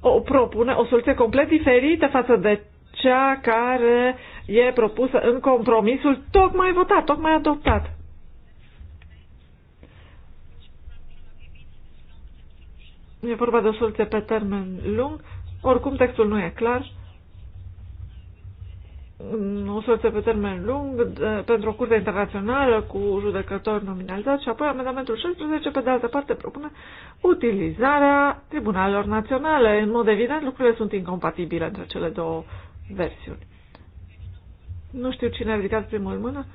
o propune o soluție complet diferită față de cea care e propusă în compromisul tocmai votat, tocmai adoptat. E vorba de o soluție pe termen lung oricum, textul nu e clar. O soluție pe termen lung de, pentru o curte internațională cu judecători nominalizați și apoi amendamentul 16, pe de altă parte, propune utilizarea tribunalelor naționale. În mod evident, lucrurile sunt incompatibile între cele două versiuni. Nu știu cine a ridicat primul mână.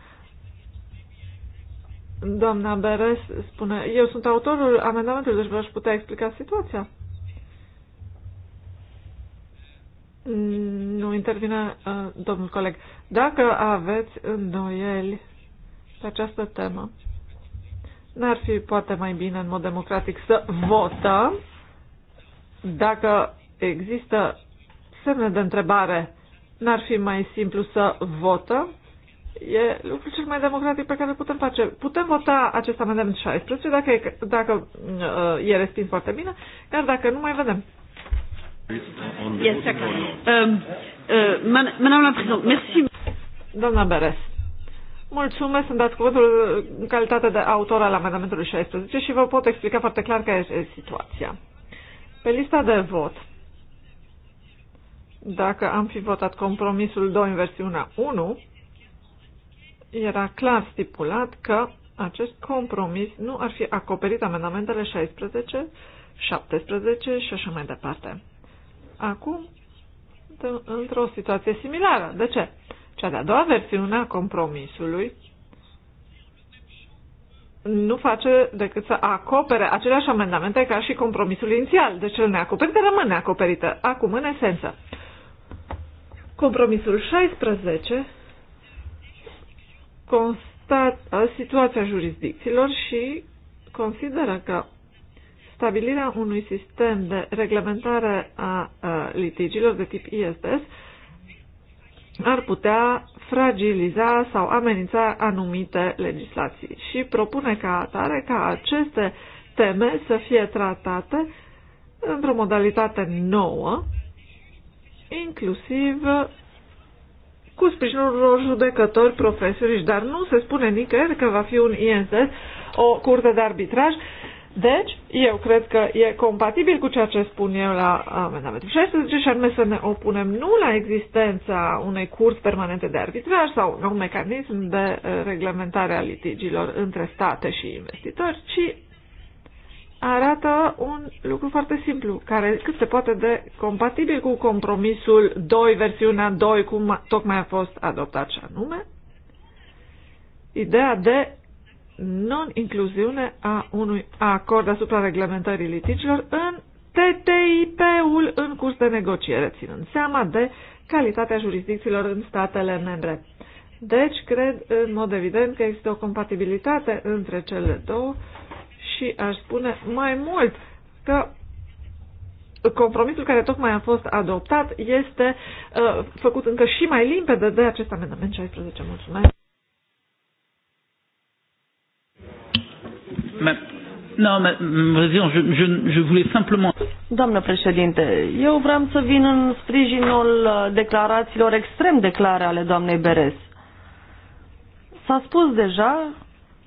Doamna Beres spune, eu sunt autorul amendamentului, deci v-aș putea explica situația. Nu intervine uh, domnul coleg. Dacă aveți îndoieli pe această temă, n-ar fi poate mai bine în mod democratic să votăm dacă există semne de întrebare, n-ar fi mai simplu să votăm? E lucrul cel mai democratic pe care îl putem face. Putem vota acest amendament 16 dacă, e, dacă uh, e respins foarte bine, dar dacă nu mai vedem. Um, uh, la Doamna Beres, mulțumesc, sunt dat cuvântul în calitate de autor al amendamentului 16 și vă pot explica foarte clar care este situația. Pe lista de vot, dacă am fi votat compromisul 2 în versiunea 1, era clar stipulat că acest compromis nu ar fi acoperit amendamentele 16, 17 și așa mai departe acum într-o situație similară. De ce? Cea de-a doua versiune a compromisului nu face decât să acopere aceleași amendamente ca și compromisul inițial. Deci cel neacoperit rămâne acoperită. Acum, în esență, compromisul 16 constată situația jurisdicțiilor și consideră că stabilirea unui sistem de reglementare a litigiilor de tip ISDS ar putea fragiliza sau amenința anumite legislații și propune ca atare ca aceste teme să fie tratate într-o modalitate nouă, inclusiv cu sprijinul unor judecători profesioniști, dar nu se spune nicăieri că va fi un INSS, o curte de arbitraj deci, eu cred că e compatibil cu ceea ce spun eu la amendamentul 16 și anume să ne opunem nu la existența unei curs permanente de arbitraj sau un mecanism de eh, reglementare a litigilor între state și investitori, ci arată un lucru foarte simplu, care cât se poate de compatibil cu compromisul 2, versiunea 2, cum tocmai a fost adoptat și anume, ideea de non-incluziune a unui acord asupra reglementării litigilor în TTIP-ul în curs de negociere, ținând seama de calitatea jurisdicțiilor în statele membre. Deci, cred în mod evident că există o compatibilitate între cele două și aș spune mai mult că compromisul care tocmai a fost adoptat este uh, făcut încă și mai limpede de acest amendament 16. Mulțumesc! Doamnă președinte, eu vreau să vin în sprijinul uh, declarațiilor extrem de clare ale doamnei Beres. S-a spus deja,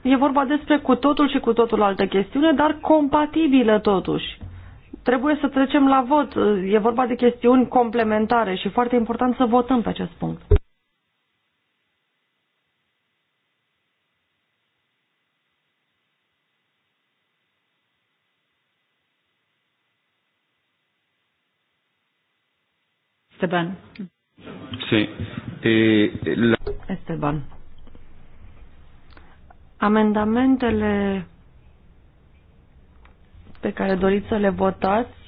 e vorba despre cu totul și cu totul altă chestiune, dar compatibilă totuși. Trebuie să trecem la vot. E vorba de chestiuni complementare și foarte important să votăm pe acest punct. Esteban. Sí. Eh, la... Esteban. Amendamentele pe care doriți să le votați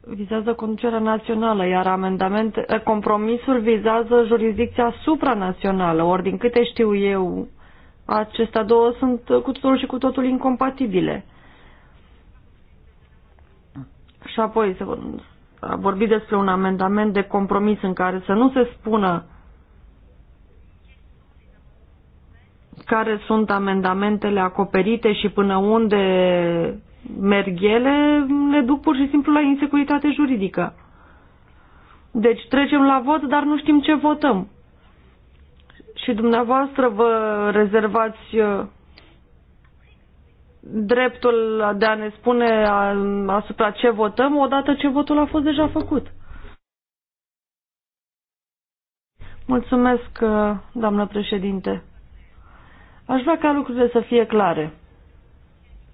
vizează conducerea națională, iar amendament, eh, compromisul vizează jurisdicția supranațională. Ori, din câte știu eu, acestea două sunt cu totul și cu totul incompatibile. Și apoi se vorbit despre un amendament de compromis în care să nu se spună care sunt amendamentele acoperite și până unde merg ele, ne duc pur și simplu la insecuritate juridică. Deci trecem la vot, dar nu știm ce votăm. Și dumneavoastră vă rezervați uh, dreptul de a ne spune asupra ce votăm odată ce votul a fost deja făcut. Mulțumesc, uh, doamnă președinte. Aș vrea ca lucrurile să fie clare.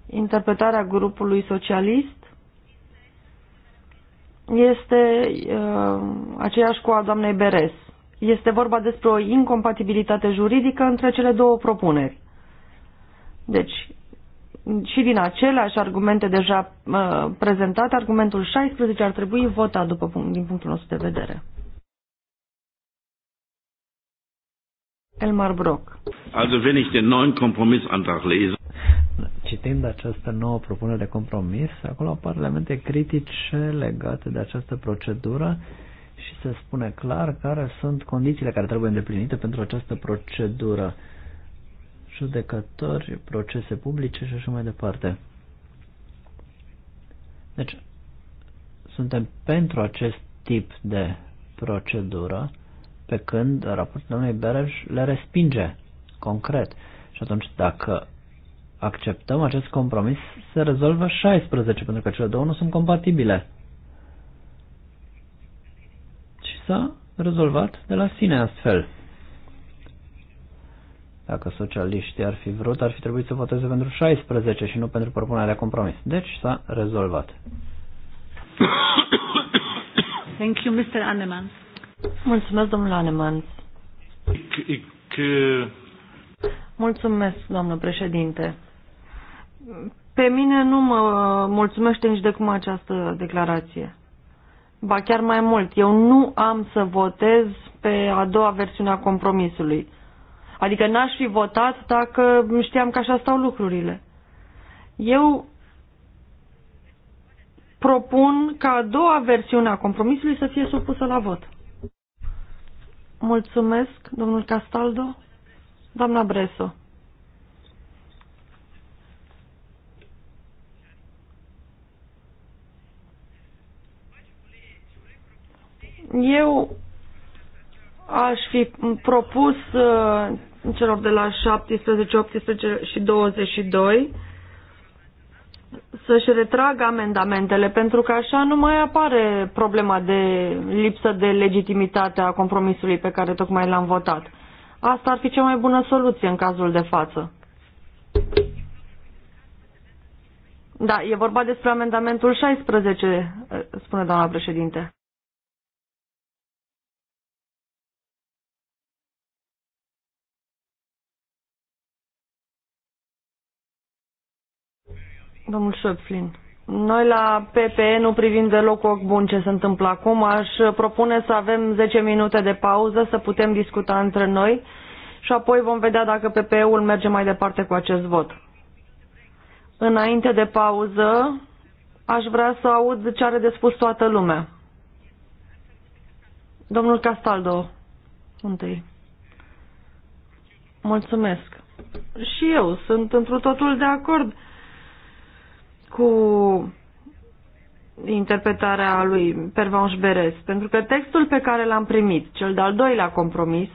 Interpretarea grupului socialist este uh, aceeași cu a doamnei Beres. Este vorba despre o incompatibilitate juridică între cele două propuneri. Deci, și din aceleași argumente deja uh, prezentate, argumentul 16 ar trebui votat după punct, din punctul nostru de vedere. Elmar Brock. Also wenn ich den neuen Kompromissantrag lese, Citind această nouă propunere de compromis, acolo apar elemente critice legate de această procedură și se spune clar care sunt condițiile care trebuie îndeplinite pentru această procedură. Uh, judecători, procese publice și așa mai departe. Deci, suntem pentru acest tip de procedură, pe când raportul domnului Berej le respinge concret. Și atunci, dacă acceptăm acest compromis, se rezolvă 16, pentru că cele două nu sunt compatibile. Și s-a rezolvat de la sine astfel. Dacă socialiștii ar fi vrut, ar fi trebuit să voteze pentru 16 și nu pentru propunerea compromis. Deci s-a rezolvat. Thank you, Mr. Anneman. Mulțumesc, domnul Annemans. Mulțumesc, doamnă președinte. Pe mine nu mă mulțumește nici de cum această declarație. Ba chiar mai mult, eu nu am să votez pe a doua versiune a compromisului. Adică n-aș fi votat dacă știam că așa stau lucrurile. Eu propun ca a doua versiune a compromisului să fie supusă la vot. Mulțumesc, domnul Castaldo. Doamna Breso. Eu aș fi propus uh, celor de la 17, 18 și 22 să-și retragă amendamentele, pentru că așa nu mai apare problema de lipsă de legitimitate a compromisului pe care tocmai l-am votat. Asta ar fi cea mai bună soluție în cazul de față. Da, e vorba despre amendamentul 16, spune doamna președinte. Domnul Șöpflin, noi la PPE nu privim deloc ochi bun ce se întâmplă acum. Aș uh, propune să avem 10 minute de pauză, să putem discuta între noi și apoi vom vedea dacă PPE-ul merge mai departe cu acest vot. Înainte de pauză, aș vrea să aud ce are de spus toată lumea. Domnul Castaldo, întâi. Mulțumesc. Și eu sunt într totul de acord cu interpretarea lui Pervanș Beres, pentru că textul pe care l-am primit, cel de-al doilea compromis,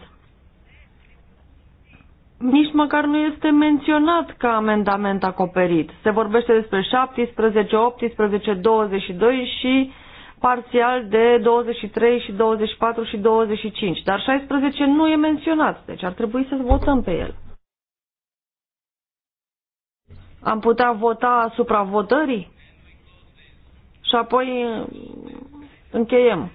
nici măcar nu este menționat ca amendament acoperit. Se vorbește despre 17, 18, 22 și parțial de 23 și 24 și 25, dar 16 nu e menționat, deci ar trebui să votăm pe el. Am putea vota asupra votării? Și apoi mm, încheiem.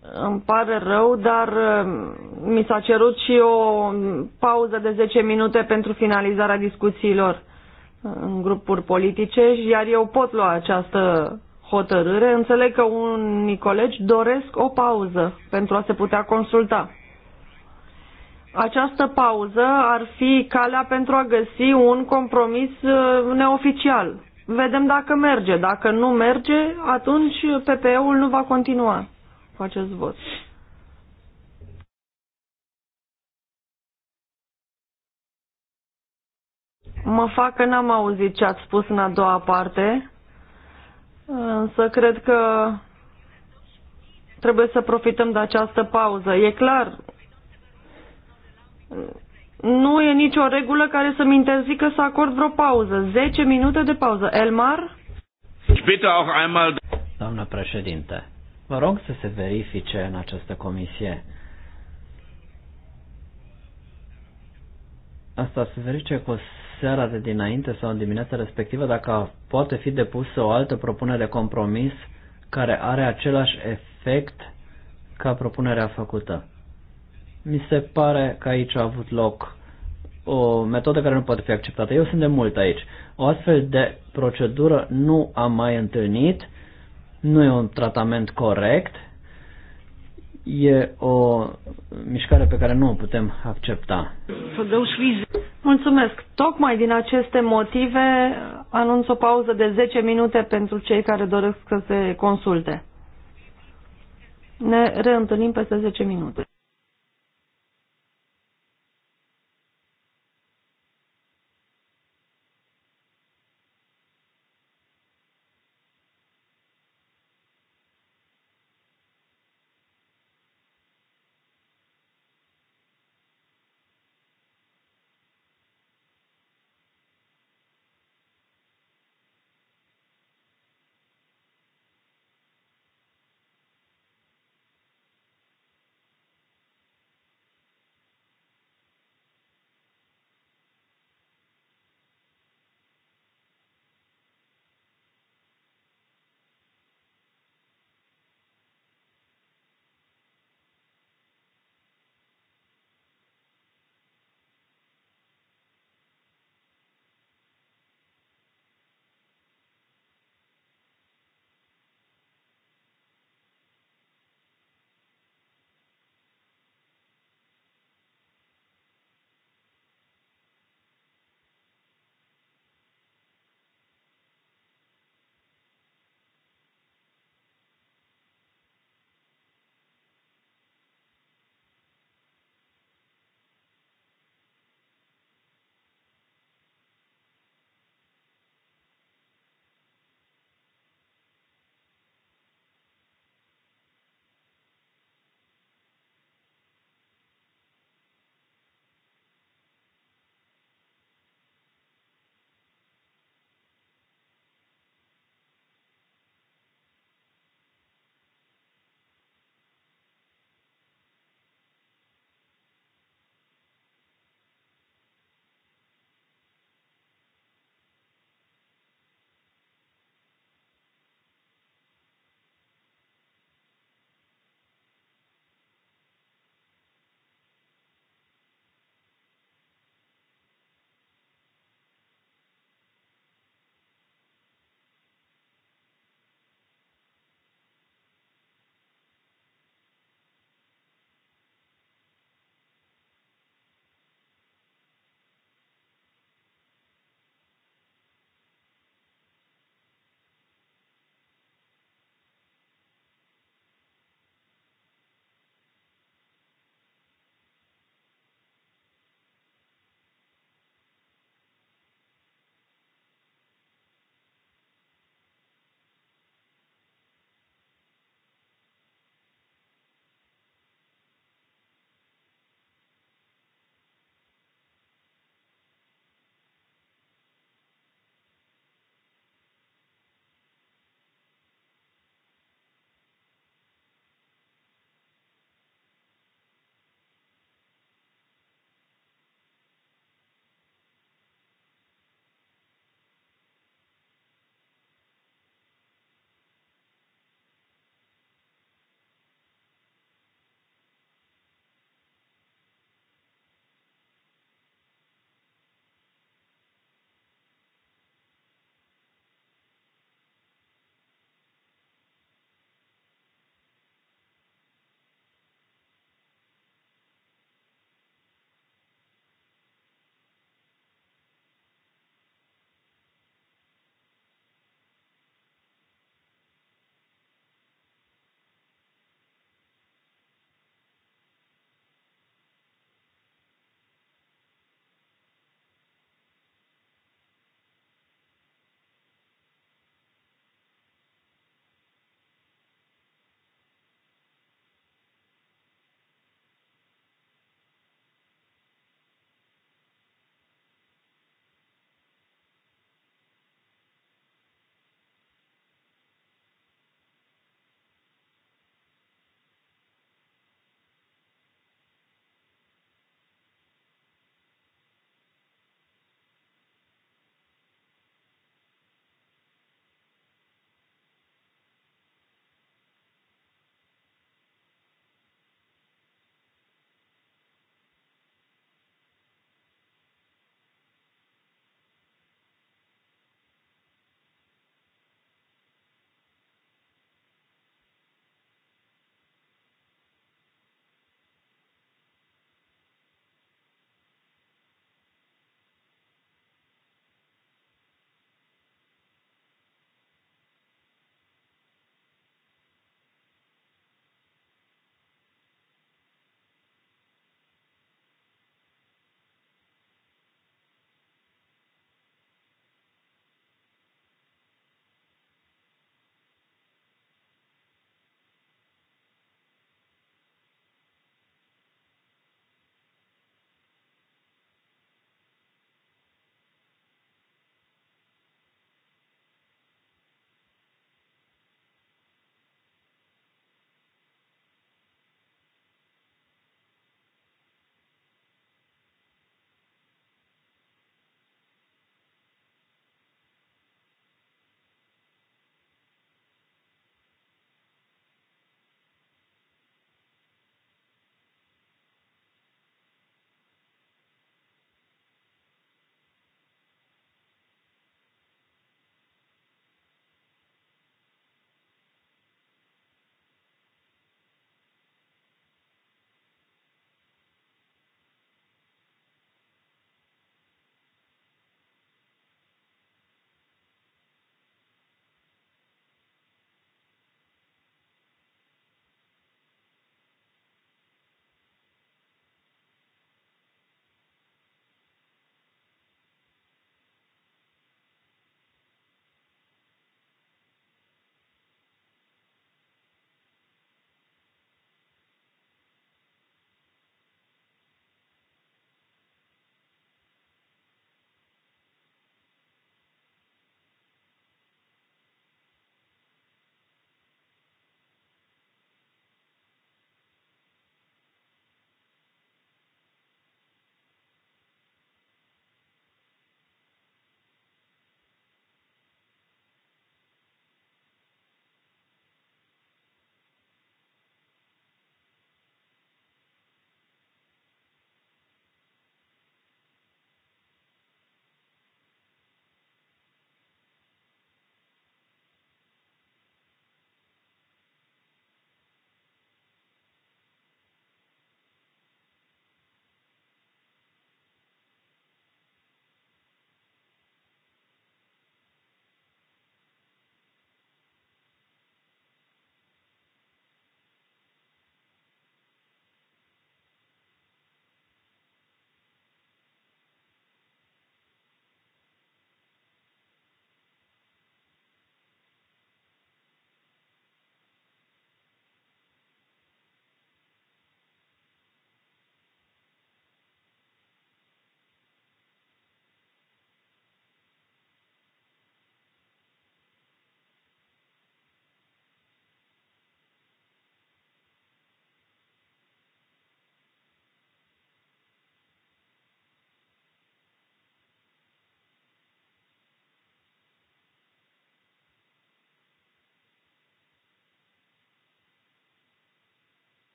Îmi pare rău, dar mm, mi s-a cerut și o pauză de 10 minute pentru finalizarea discuțiilor mm, în grupuri politice, iar eu pot lua această hotărâre. Înțeleg că unii colegi doresc o pauză pentru a se putea consulta. Această pauză ar fi calea pentru a găsi un compromis uh, neoficial. Vedem dacă merge. Dacă nu merge, atunci PPE-ul nu va continua cu acest vot. Mă fac că n-am auzit ce ați spus în a doua parte, însă cred că trebuie să profităm de această pauză. E clar, nu e nicio regulă care să-mi interzică să acord vreo pauză. 10 minute de pauză. Elmar? Doamna președinte, vă rog să se verifice în această comisie. Asta se verifice cu o seara de dinainte sau în dimineața respectivă dacă poate fi depusă o altă propunere de compromis care are același efect ca propunerea făcută. Mi se pare că aici a avut loc o metodă care nu poate fi acceptată. Eu sunt de mult aici. O astfel de procedură nu am mai întâlnit, nu e un tratament corect, e o mișcare pe care nu o putem accepta. Mulțumesc. Tocmai din aceste motive anunț o pauză de 10 minute pentru cei care doresc să se consulte. Ne reîntâlnim peste 10 minute.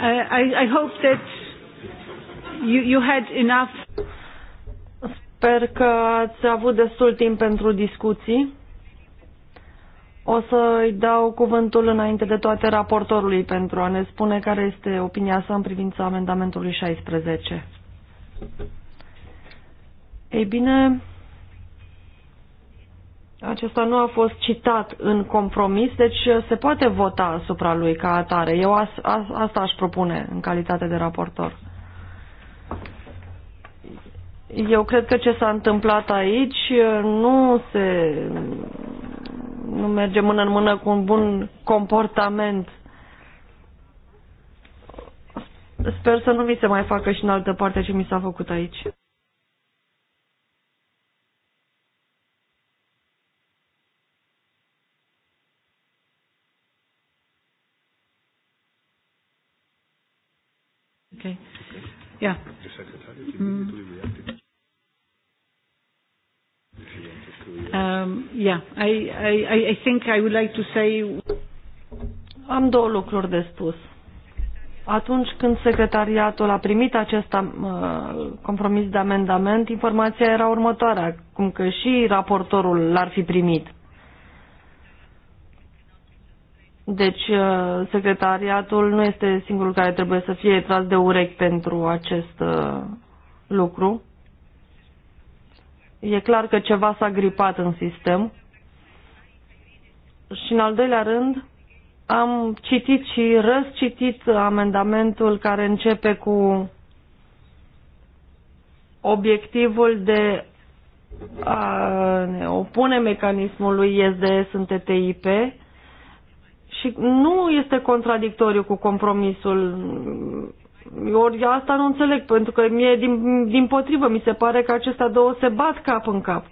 Uh, I, I hope that you, you had enough. Sper că ați avut destul timp pentru discuții. O să îi dau cuvântul înainte de toate raportorului pentru a ne spune care este opinia sa în privința amendamentului 16. Ei bine, acesta nu a fost citat în compromis, deci uh, se poate vota asupra lui ca atare. Eu as, as, asta aș propune în calitate de raportor. Eu cred că ce s-a întâmplat aici uh, nu se nu merge mână în mână cu un bun comportament. Sper să nu mi se mai facă și în altă parte ce mi s-a făcut aici. Ja. Mm. Um, yeah, I, I, I think I would like to say... Am două lucruri de spus. Atunci când secretariatul a primit acest uh, compromis de amendament, informația era următoarea, cum că și raportorul l-ar fi primit. Deci uh, secretariatul nu este singurul care trebuie să fie tras de urechi pentru acest uh, lucru. E clar că ceva s-a gripat în sistem. Și în al doilea rând, am citit și răscitit amendamentul care începe cu obiectivul de a ne opune mecanismului ISDS în TTIP și nu este contradictoriu cu compromisul. Ori asta nu înțeleg, pentru că mie din, din potrivă mi se pare că acestea două se bat cap în cap.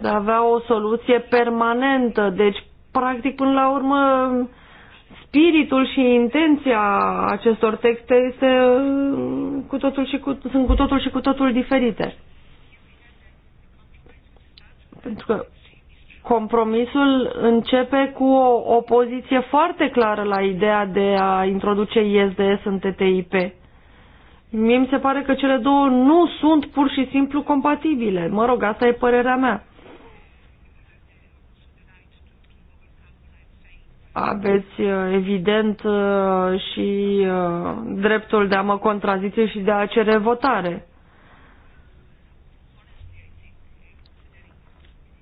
de a avea o soluție permanentă. Deci, practic, până la urmă, spiritul și intenția acestor texte este uh, cu totul și cu, sunt cu totul și cu totul diferite. Pentru că compromisul începe cu o opoziție foarte clară la ideea de a introduce ISDS în TTIP. Mie mi se pare că cele două nu sunt pur și simplu compatibile. Mă rog, asta e părerea mea. Aveți, uh, evident, uh, și uh, dreptul de a mă contrazice și de a cere votare.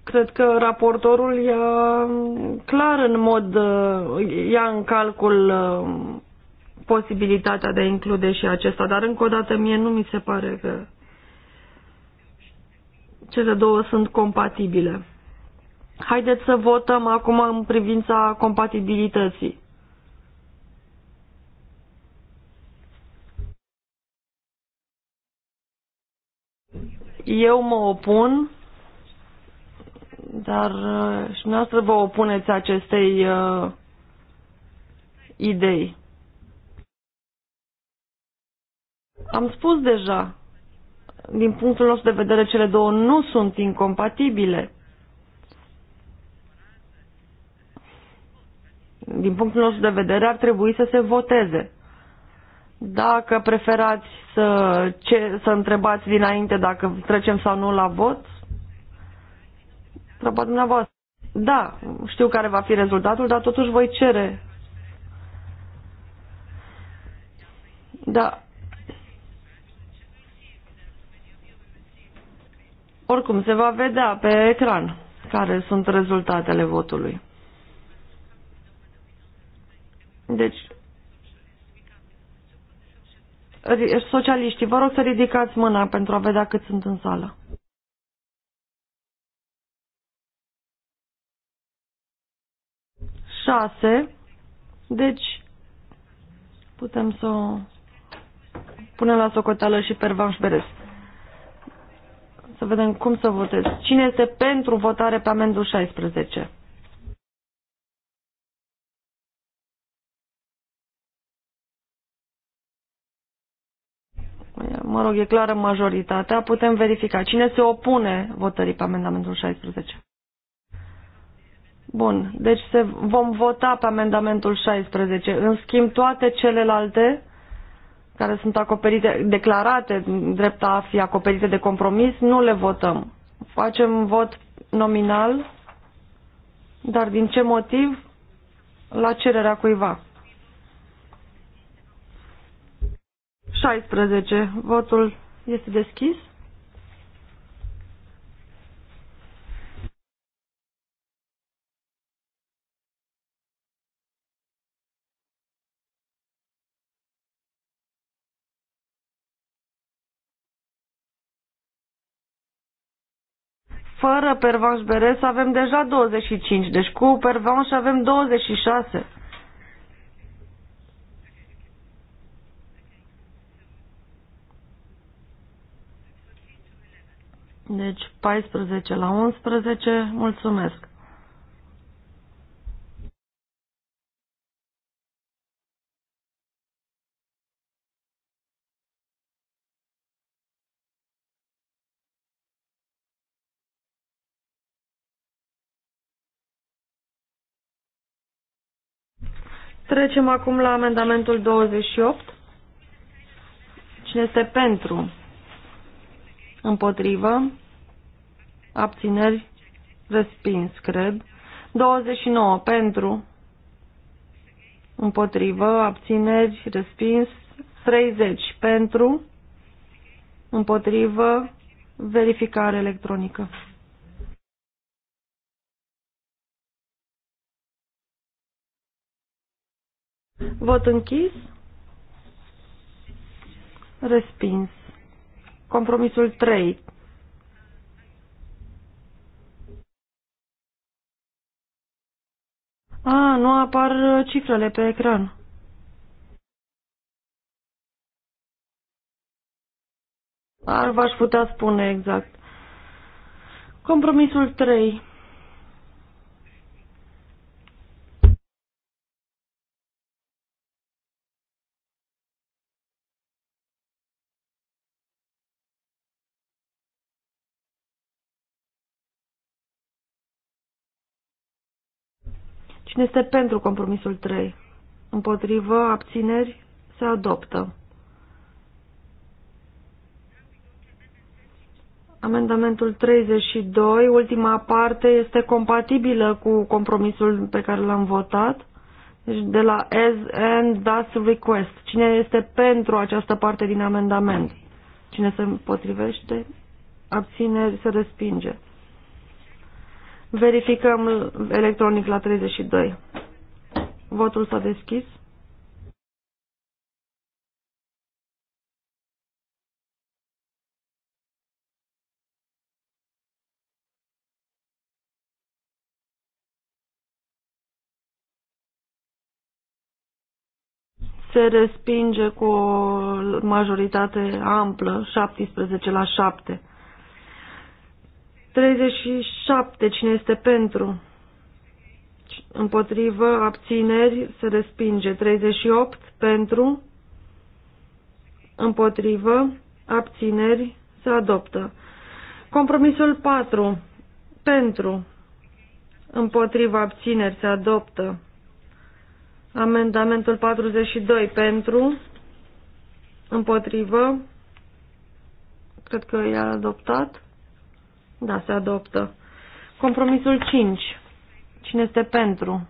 Cred că raportorul ia clar în mod, uh, ia în calcul uh, posibilitatea de a include și acesta, dar încă o dată mie nu mi se pare că cele două sunt compatibile. Haideți să votăm acum în privința compatibilității. Eu mă opun dar uh, și dumneavoastră vă opuneți acestei uh, idei. Am spus deja, din punctul nostru de vedere, cele două nu sunt incompatibile. Din punctul nostru de vedere, ar trebui să se voteze. Dacă preferați să, ce, să întrebați dinainte dacă trecem sau nu la vot, treaba dumneavoastră. Da, știu care va fi rezultatul, dar totuși voi cere. Da. Oricum, se va vedea pe ecran care sunt rezultatele votului. Deci, socialiștii, vă rog să ridicați mâna pentru a vedea cât sunt în sală. 6, deci putem să o punem la socoteală și pe revanș Să vedem cum să votez. Cine este pentru votare pe amendul 16? Mă rog, e clară majoritatea. Putem verifica. Cine se opune votării pe amendamentul 16? Bun, deci se, vom vota pe amendamentul 16. În schimb, toate celelalte care sunt acoperite, declarate drept a fi acoperite de compromis, nu le votăm. Facem vot nominal, dar din ce motiv? La cererea cuiva. 16. Votul este deschis. fără Pervanș Beres avem deja 25, deci cu Pervanș avem 26. Deci 14 la 11, mulțumesc. Trecem acum la amendamentul 28. Cine este pentru? Împotrivă? Abțineri? Respins, cred. 29 pentru? Împotrivă? Abțineri? Respins. 30 pentru? Împotrivă? Verificare electronică. Vot închis. Respins. Compromisul 3. A, nu apar cifrele pe ecran. Ar v-aș putea spune exact. Compromisul 3. Cine deci este pentru compromisul 3? Împotrivă, abțineri, se adoptă. Amendamentul 32, ultima parte, este compatibilă cu compromisul pe care l-am votat. Deci de la as and thus request. Cine este pentru această parte din amendament? Cine se împotrivește? Abțineri se respinge. Verificăm electronic la 32. Votul s-a deschis. se respinge cu o majoritate amplă, 17 la 7. 37. Cine este pentru? Împotrivă, abțineri, se respinge. 38. Pentru? Împotrivă, abțineri, se adoptă. Compromisul 4. Pentru. împotrivă abțineri se adoptă. Amendamentul 42. Pentru. Împotrivă. Cred că i-a adoptat. Da, se adoptă. Compromisul 5. Cine este pentru?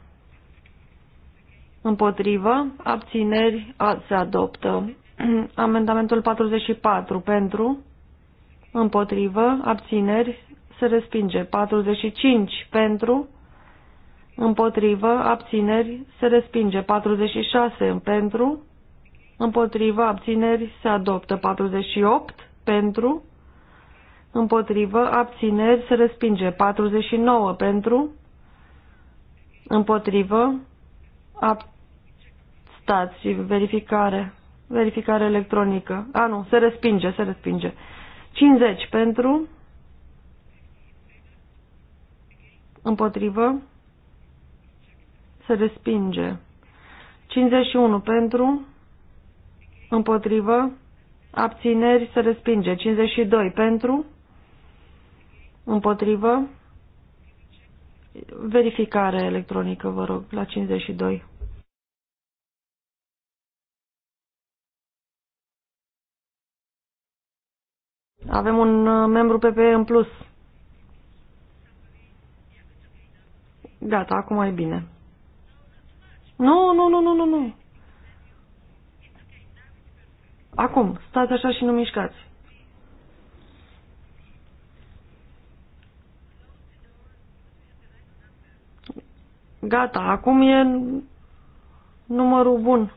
Împotrivă. Abțineri. A, se adoptă. Amendamentul 44. Pentru. Împotrivă. Abțineri. Se respinge. 45. Pentru. Împotrivă. Abțineri. Se respinge. 46. Pentru. Împotrivă. Abțineri. Se adoptă. 48. Pentru împotrivă, abțineri, se respinge. 49 pentru, împotrivă, ab... stați și verificare, verificare electronică. A, nu, se respinge, se respinge. 50 pentru, împotrivă, se respinge. 51 pentru, împotrivă, abțineri, se respinge. 52 pentru, Împotrivă. Verificare electronică, vă rog, la 52. Avem un uh, membru PP în plus. Gata, acum e bine. Nu, nu, nu, nu, nu, nu. Acum, stați așa și nu mișcați. Gata, acum e numărul bun.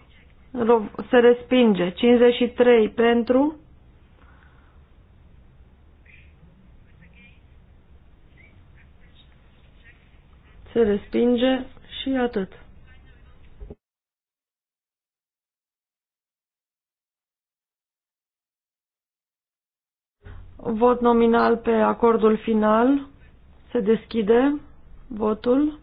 Se respinge. 53 pentru. Se respinge și atât. Vot nominal pe acordul final. Se deschide votul.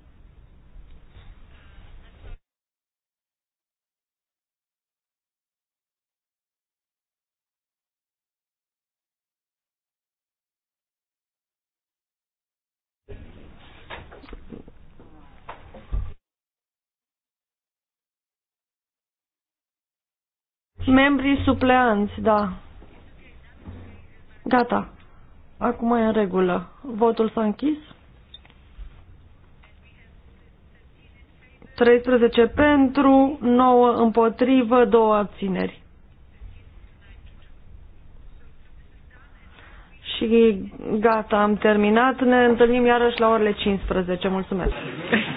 membrii supleanți, da. Gata. Acum e în regulă. Votul s-a închis. 13 pentru, 9 împotrivă, 2 abțineri. Și gata, am terminat. Ne întâlnim iarăși la orele 15. Mulțumesc!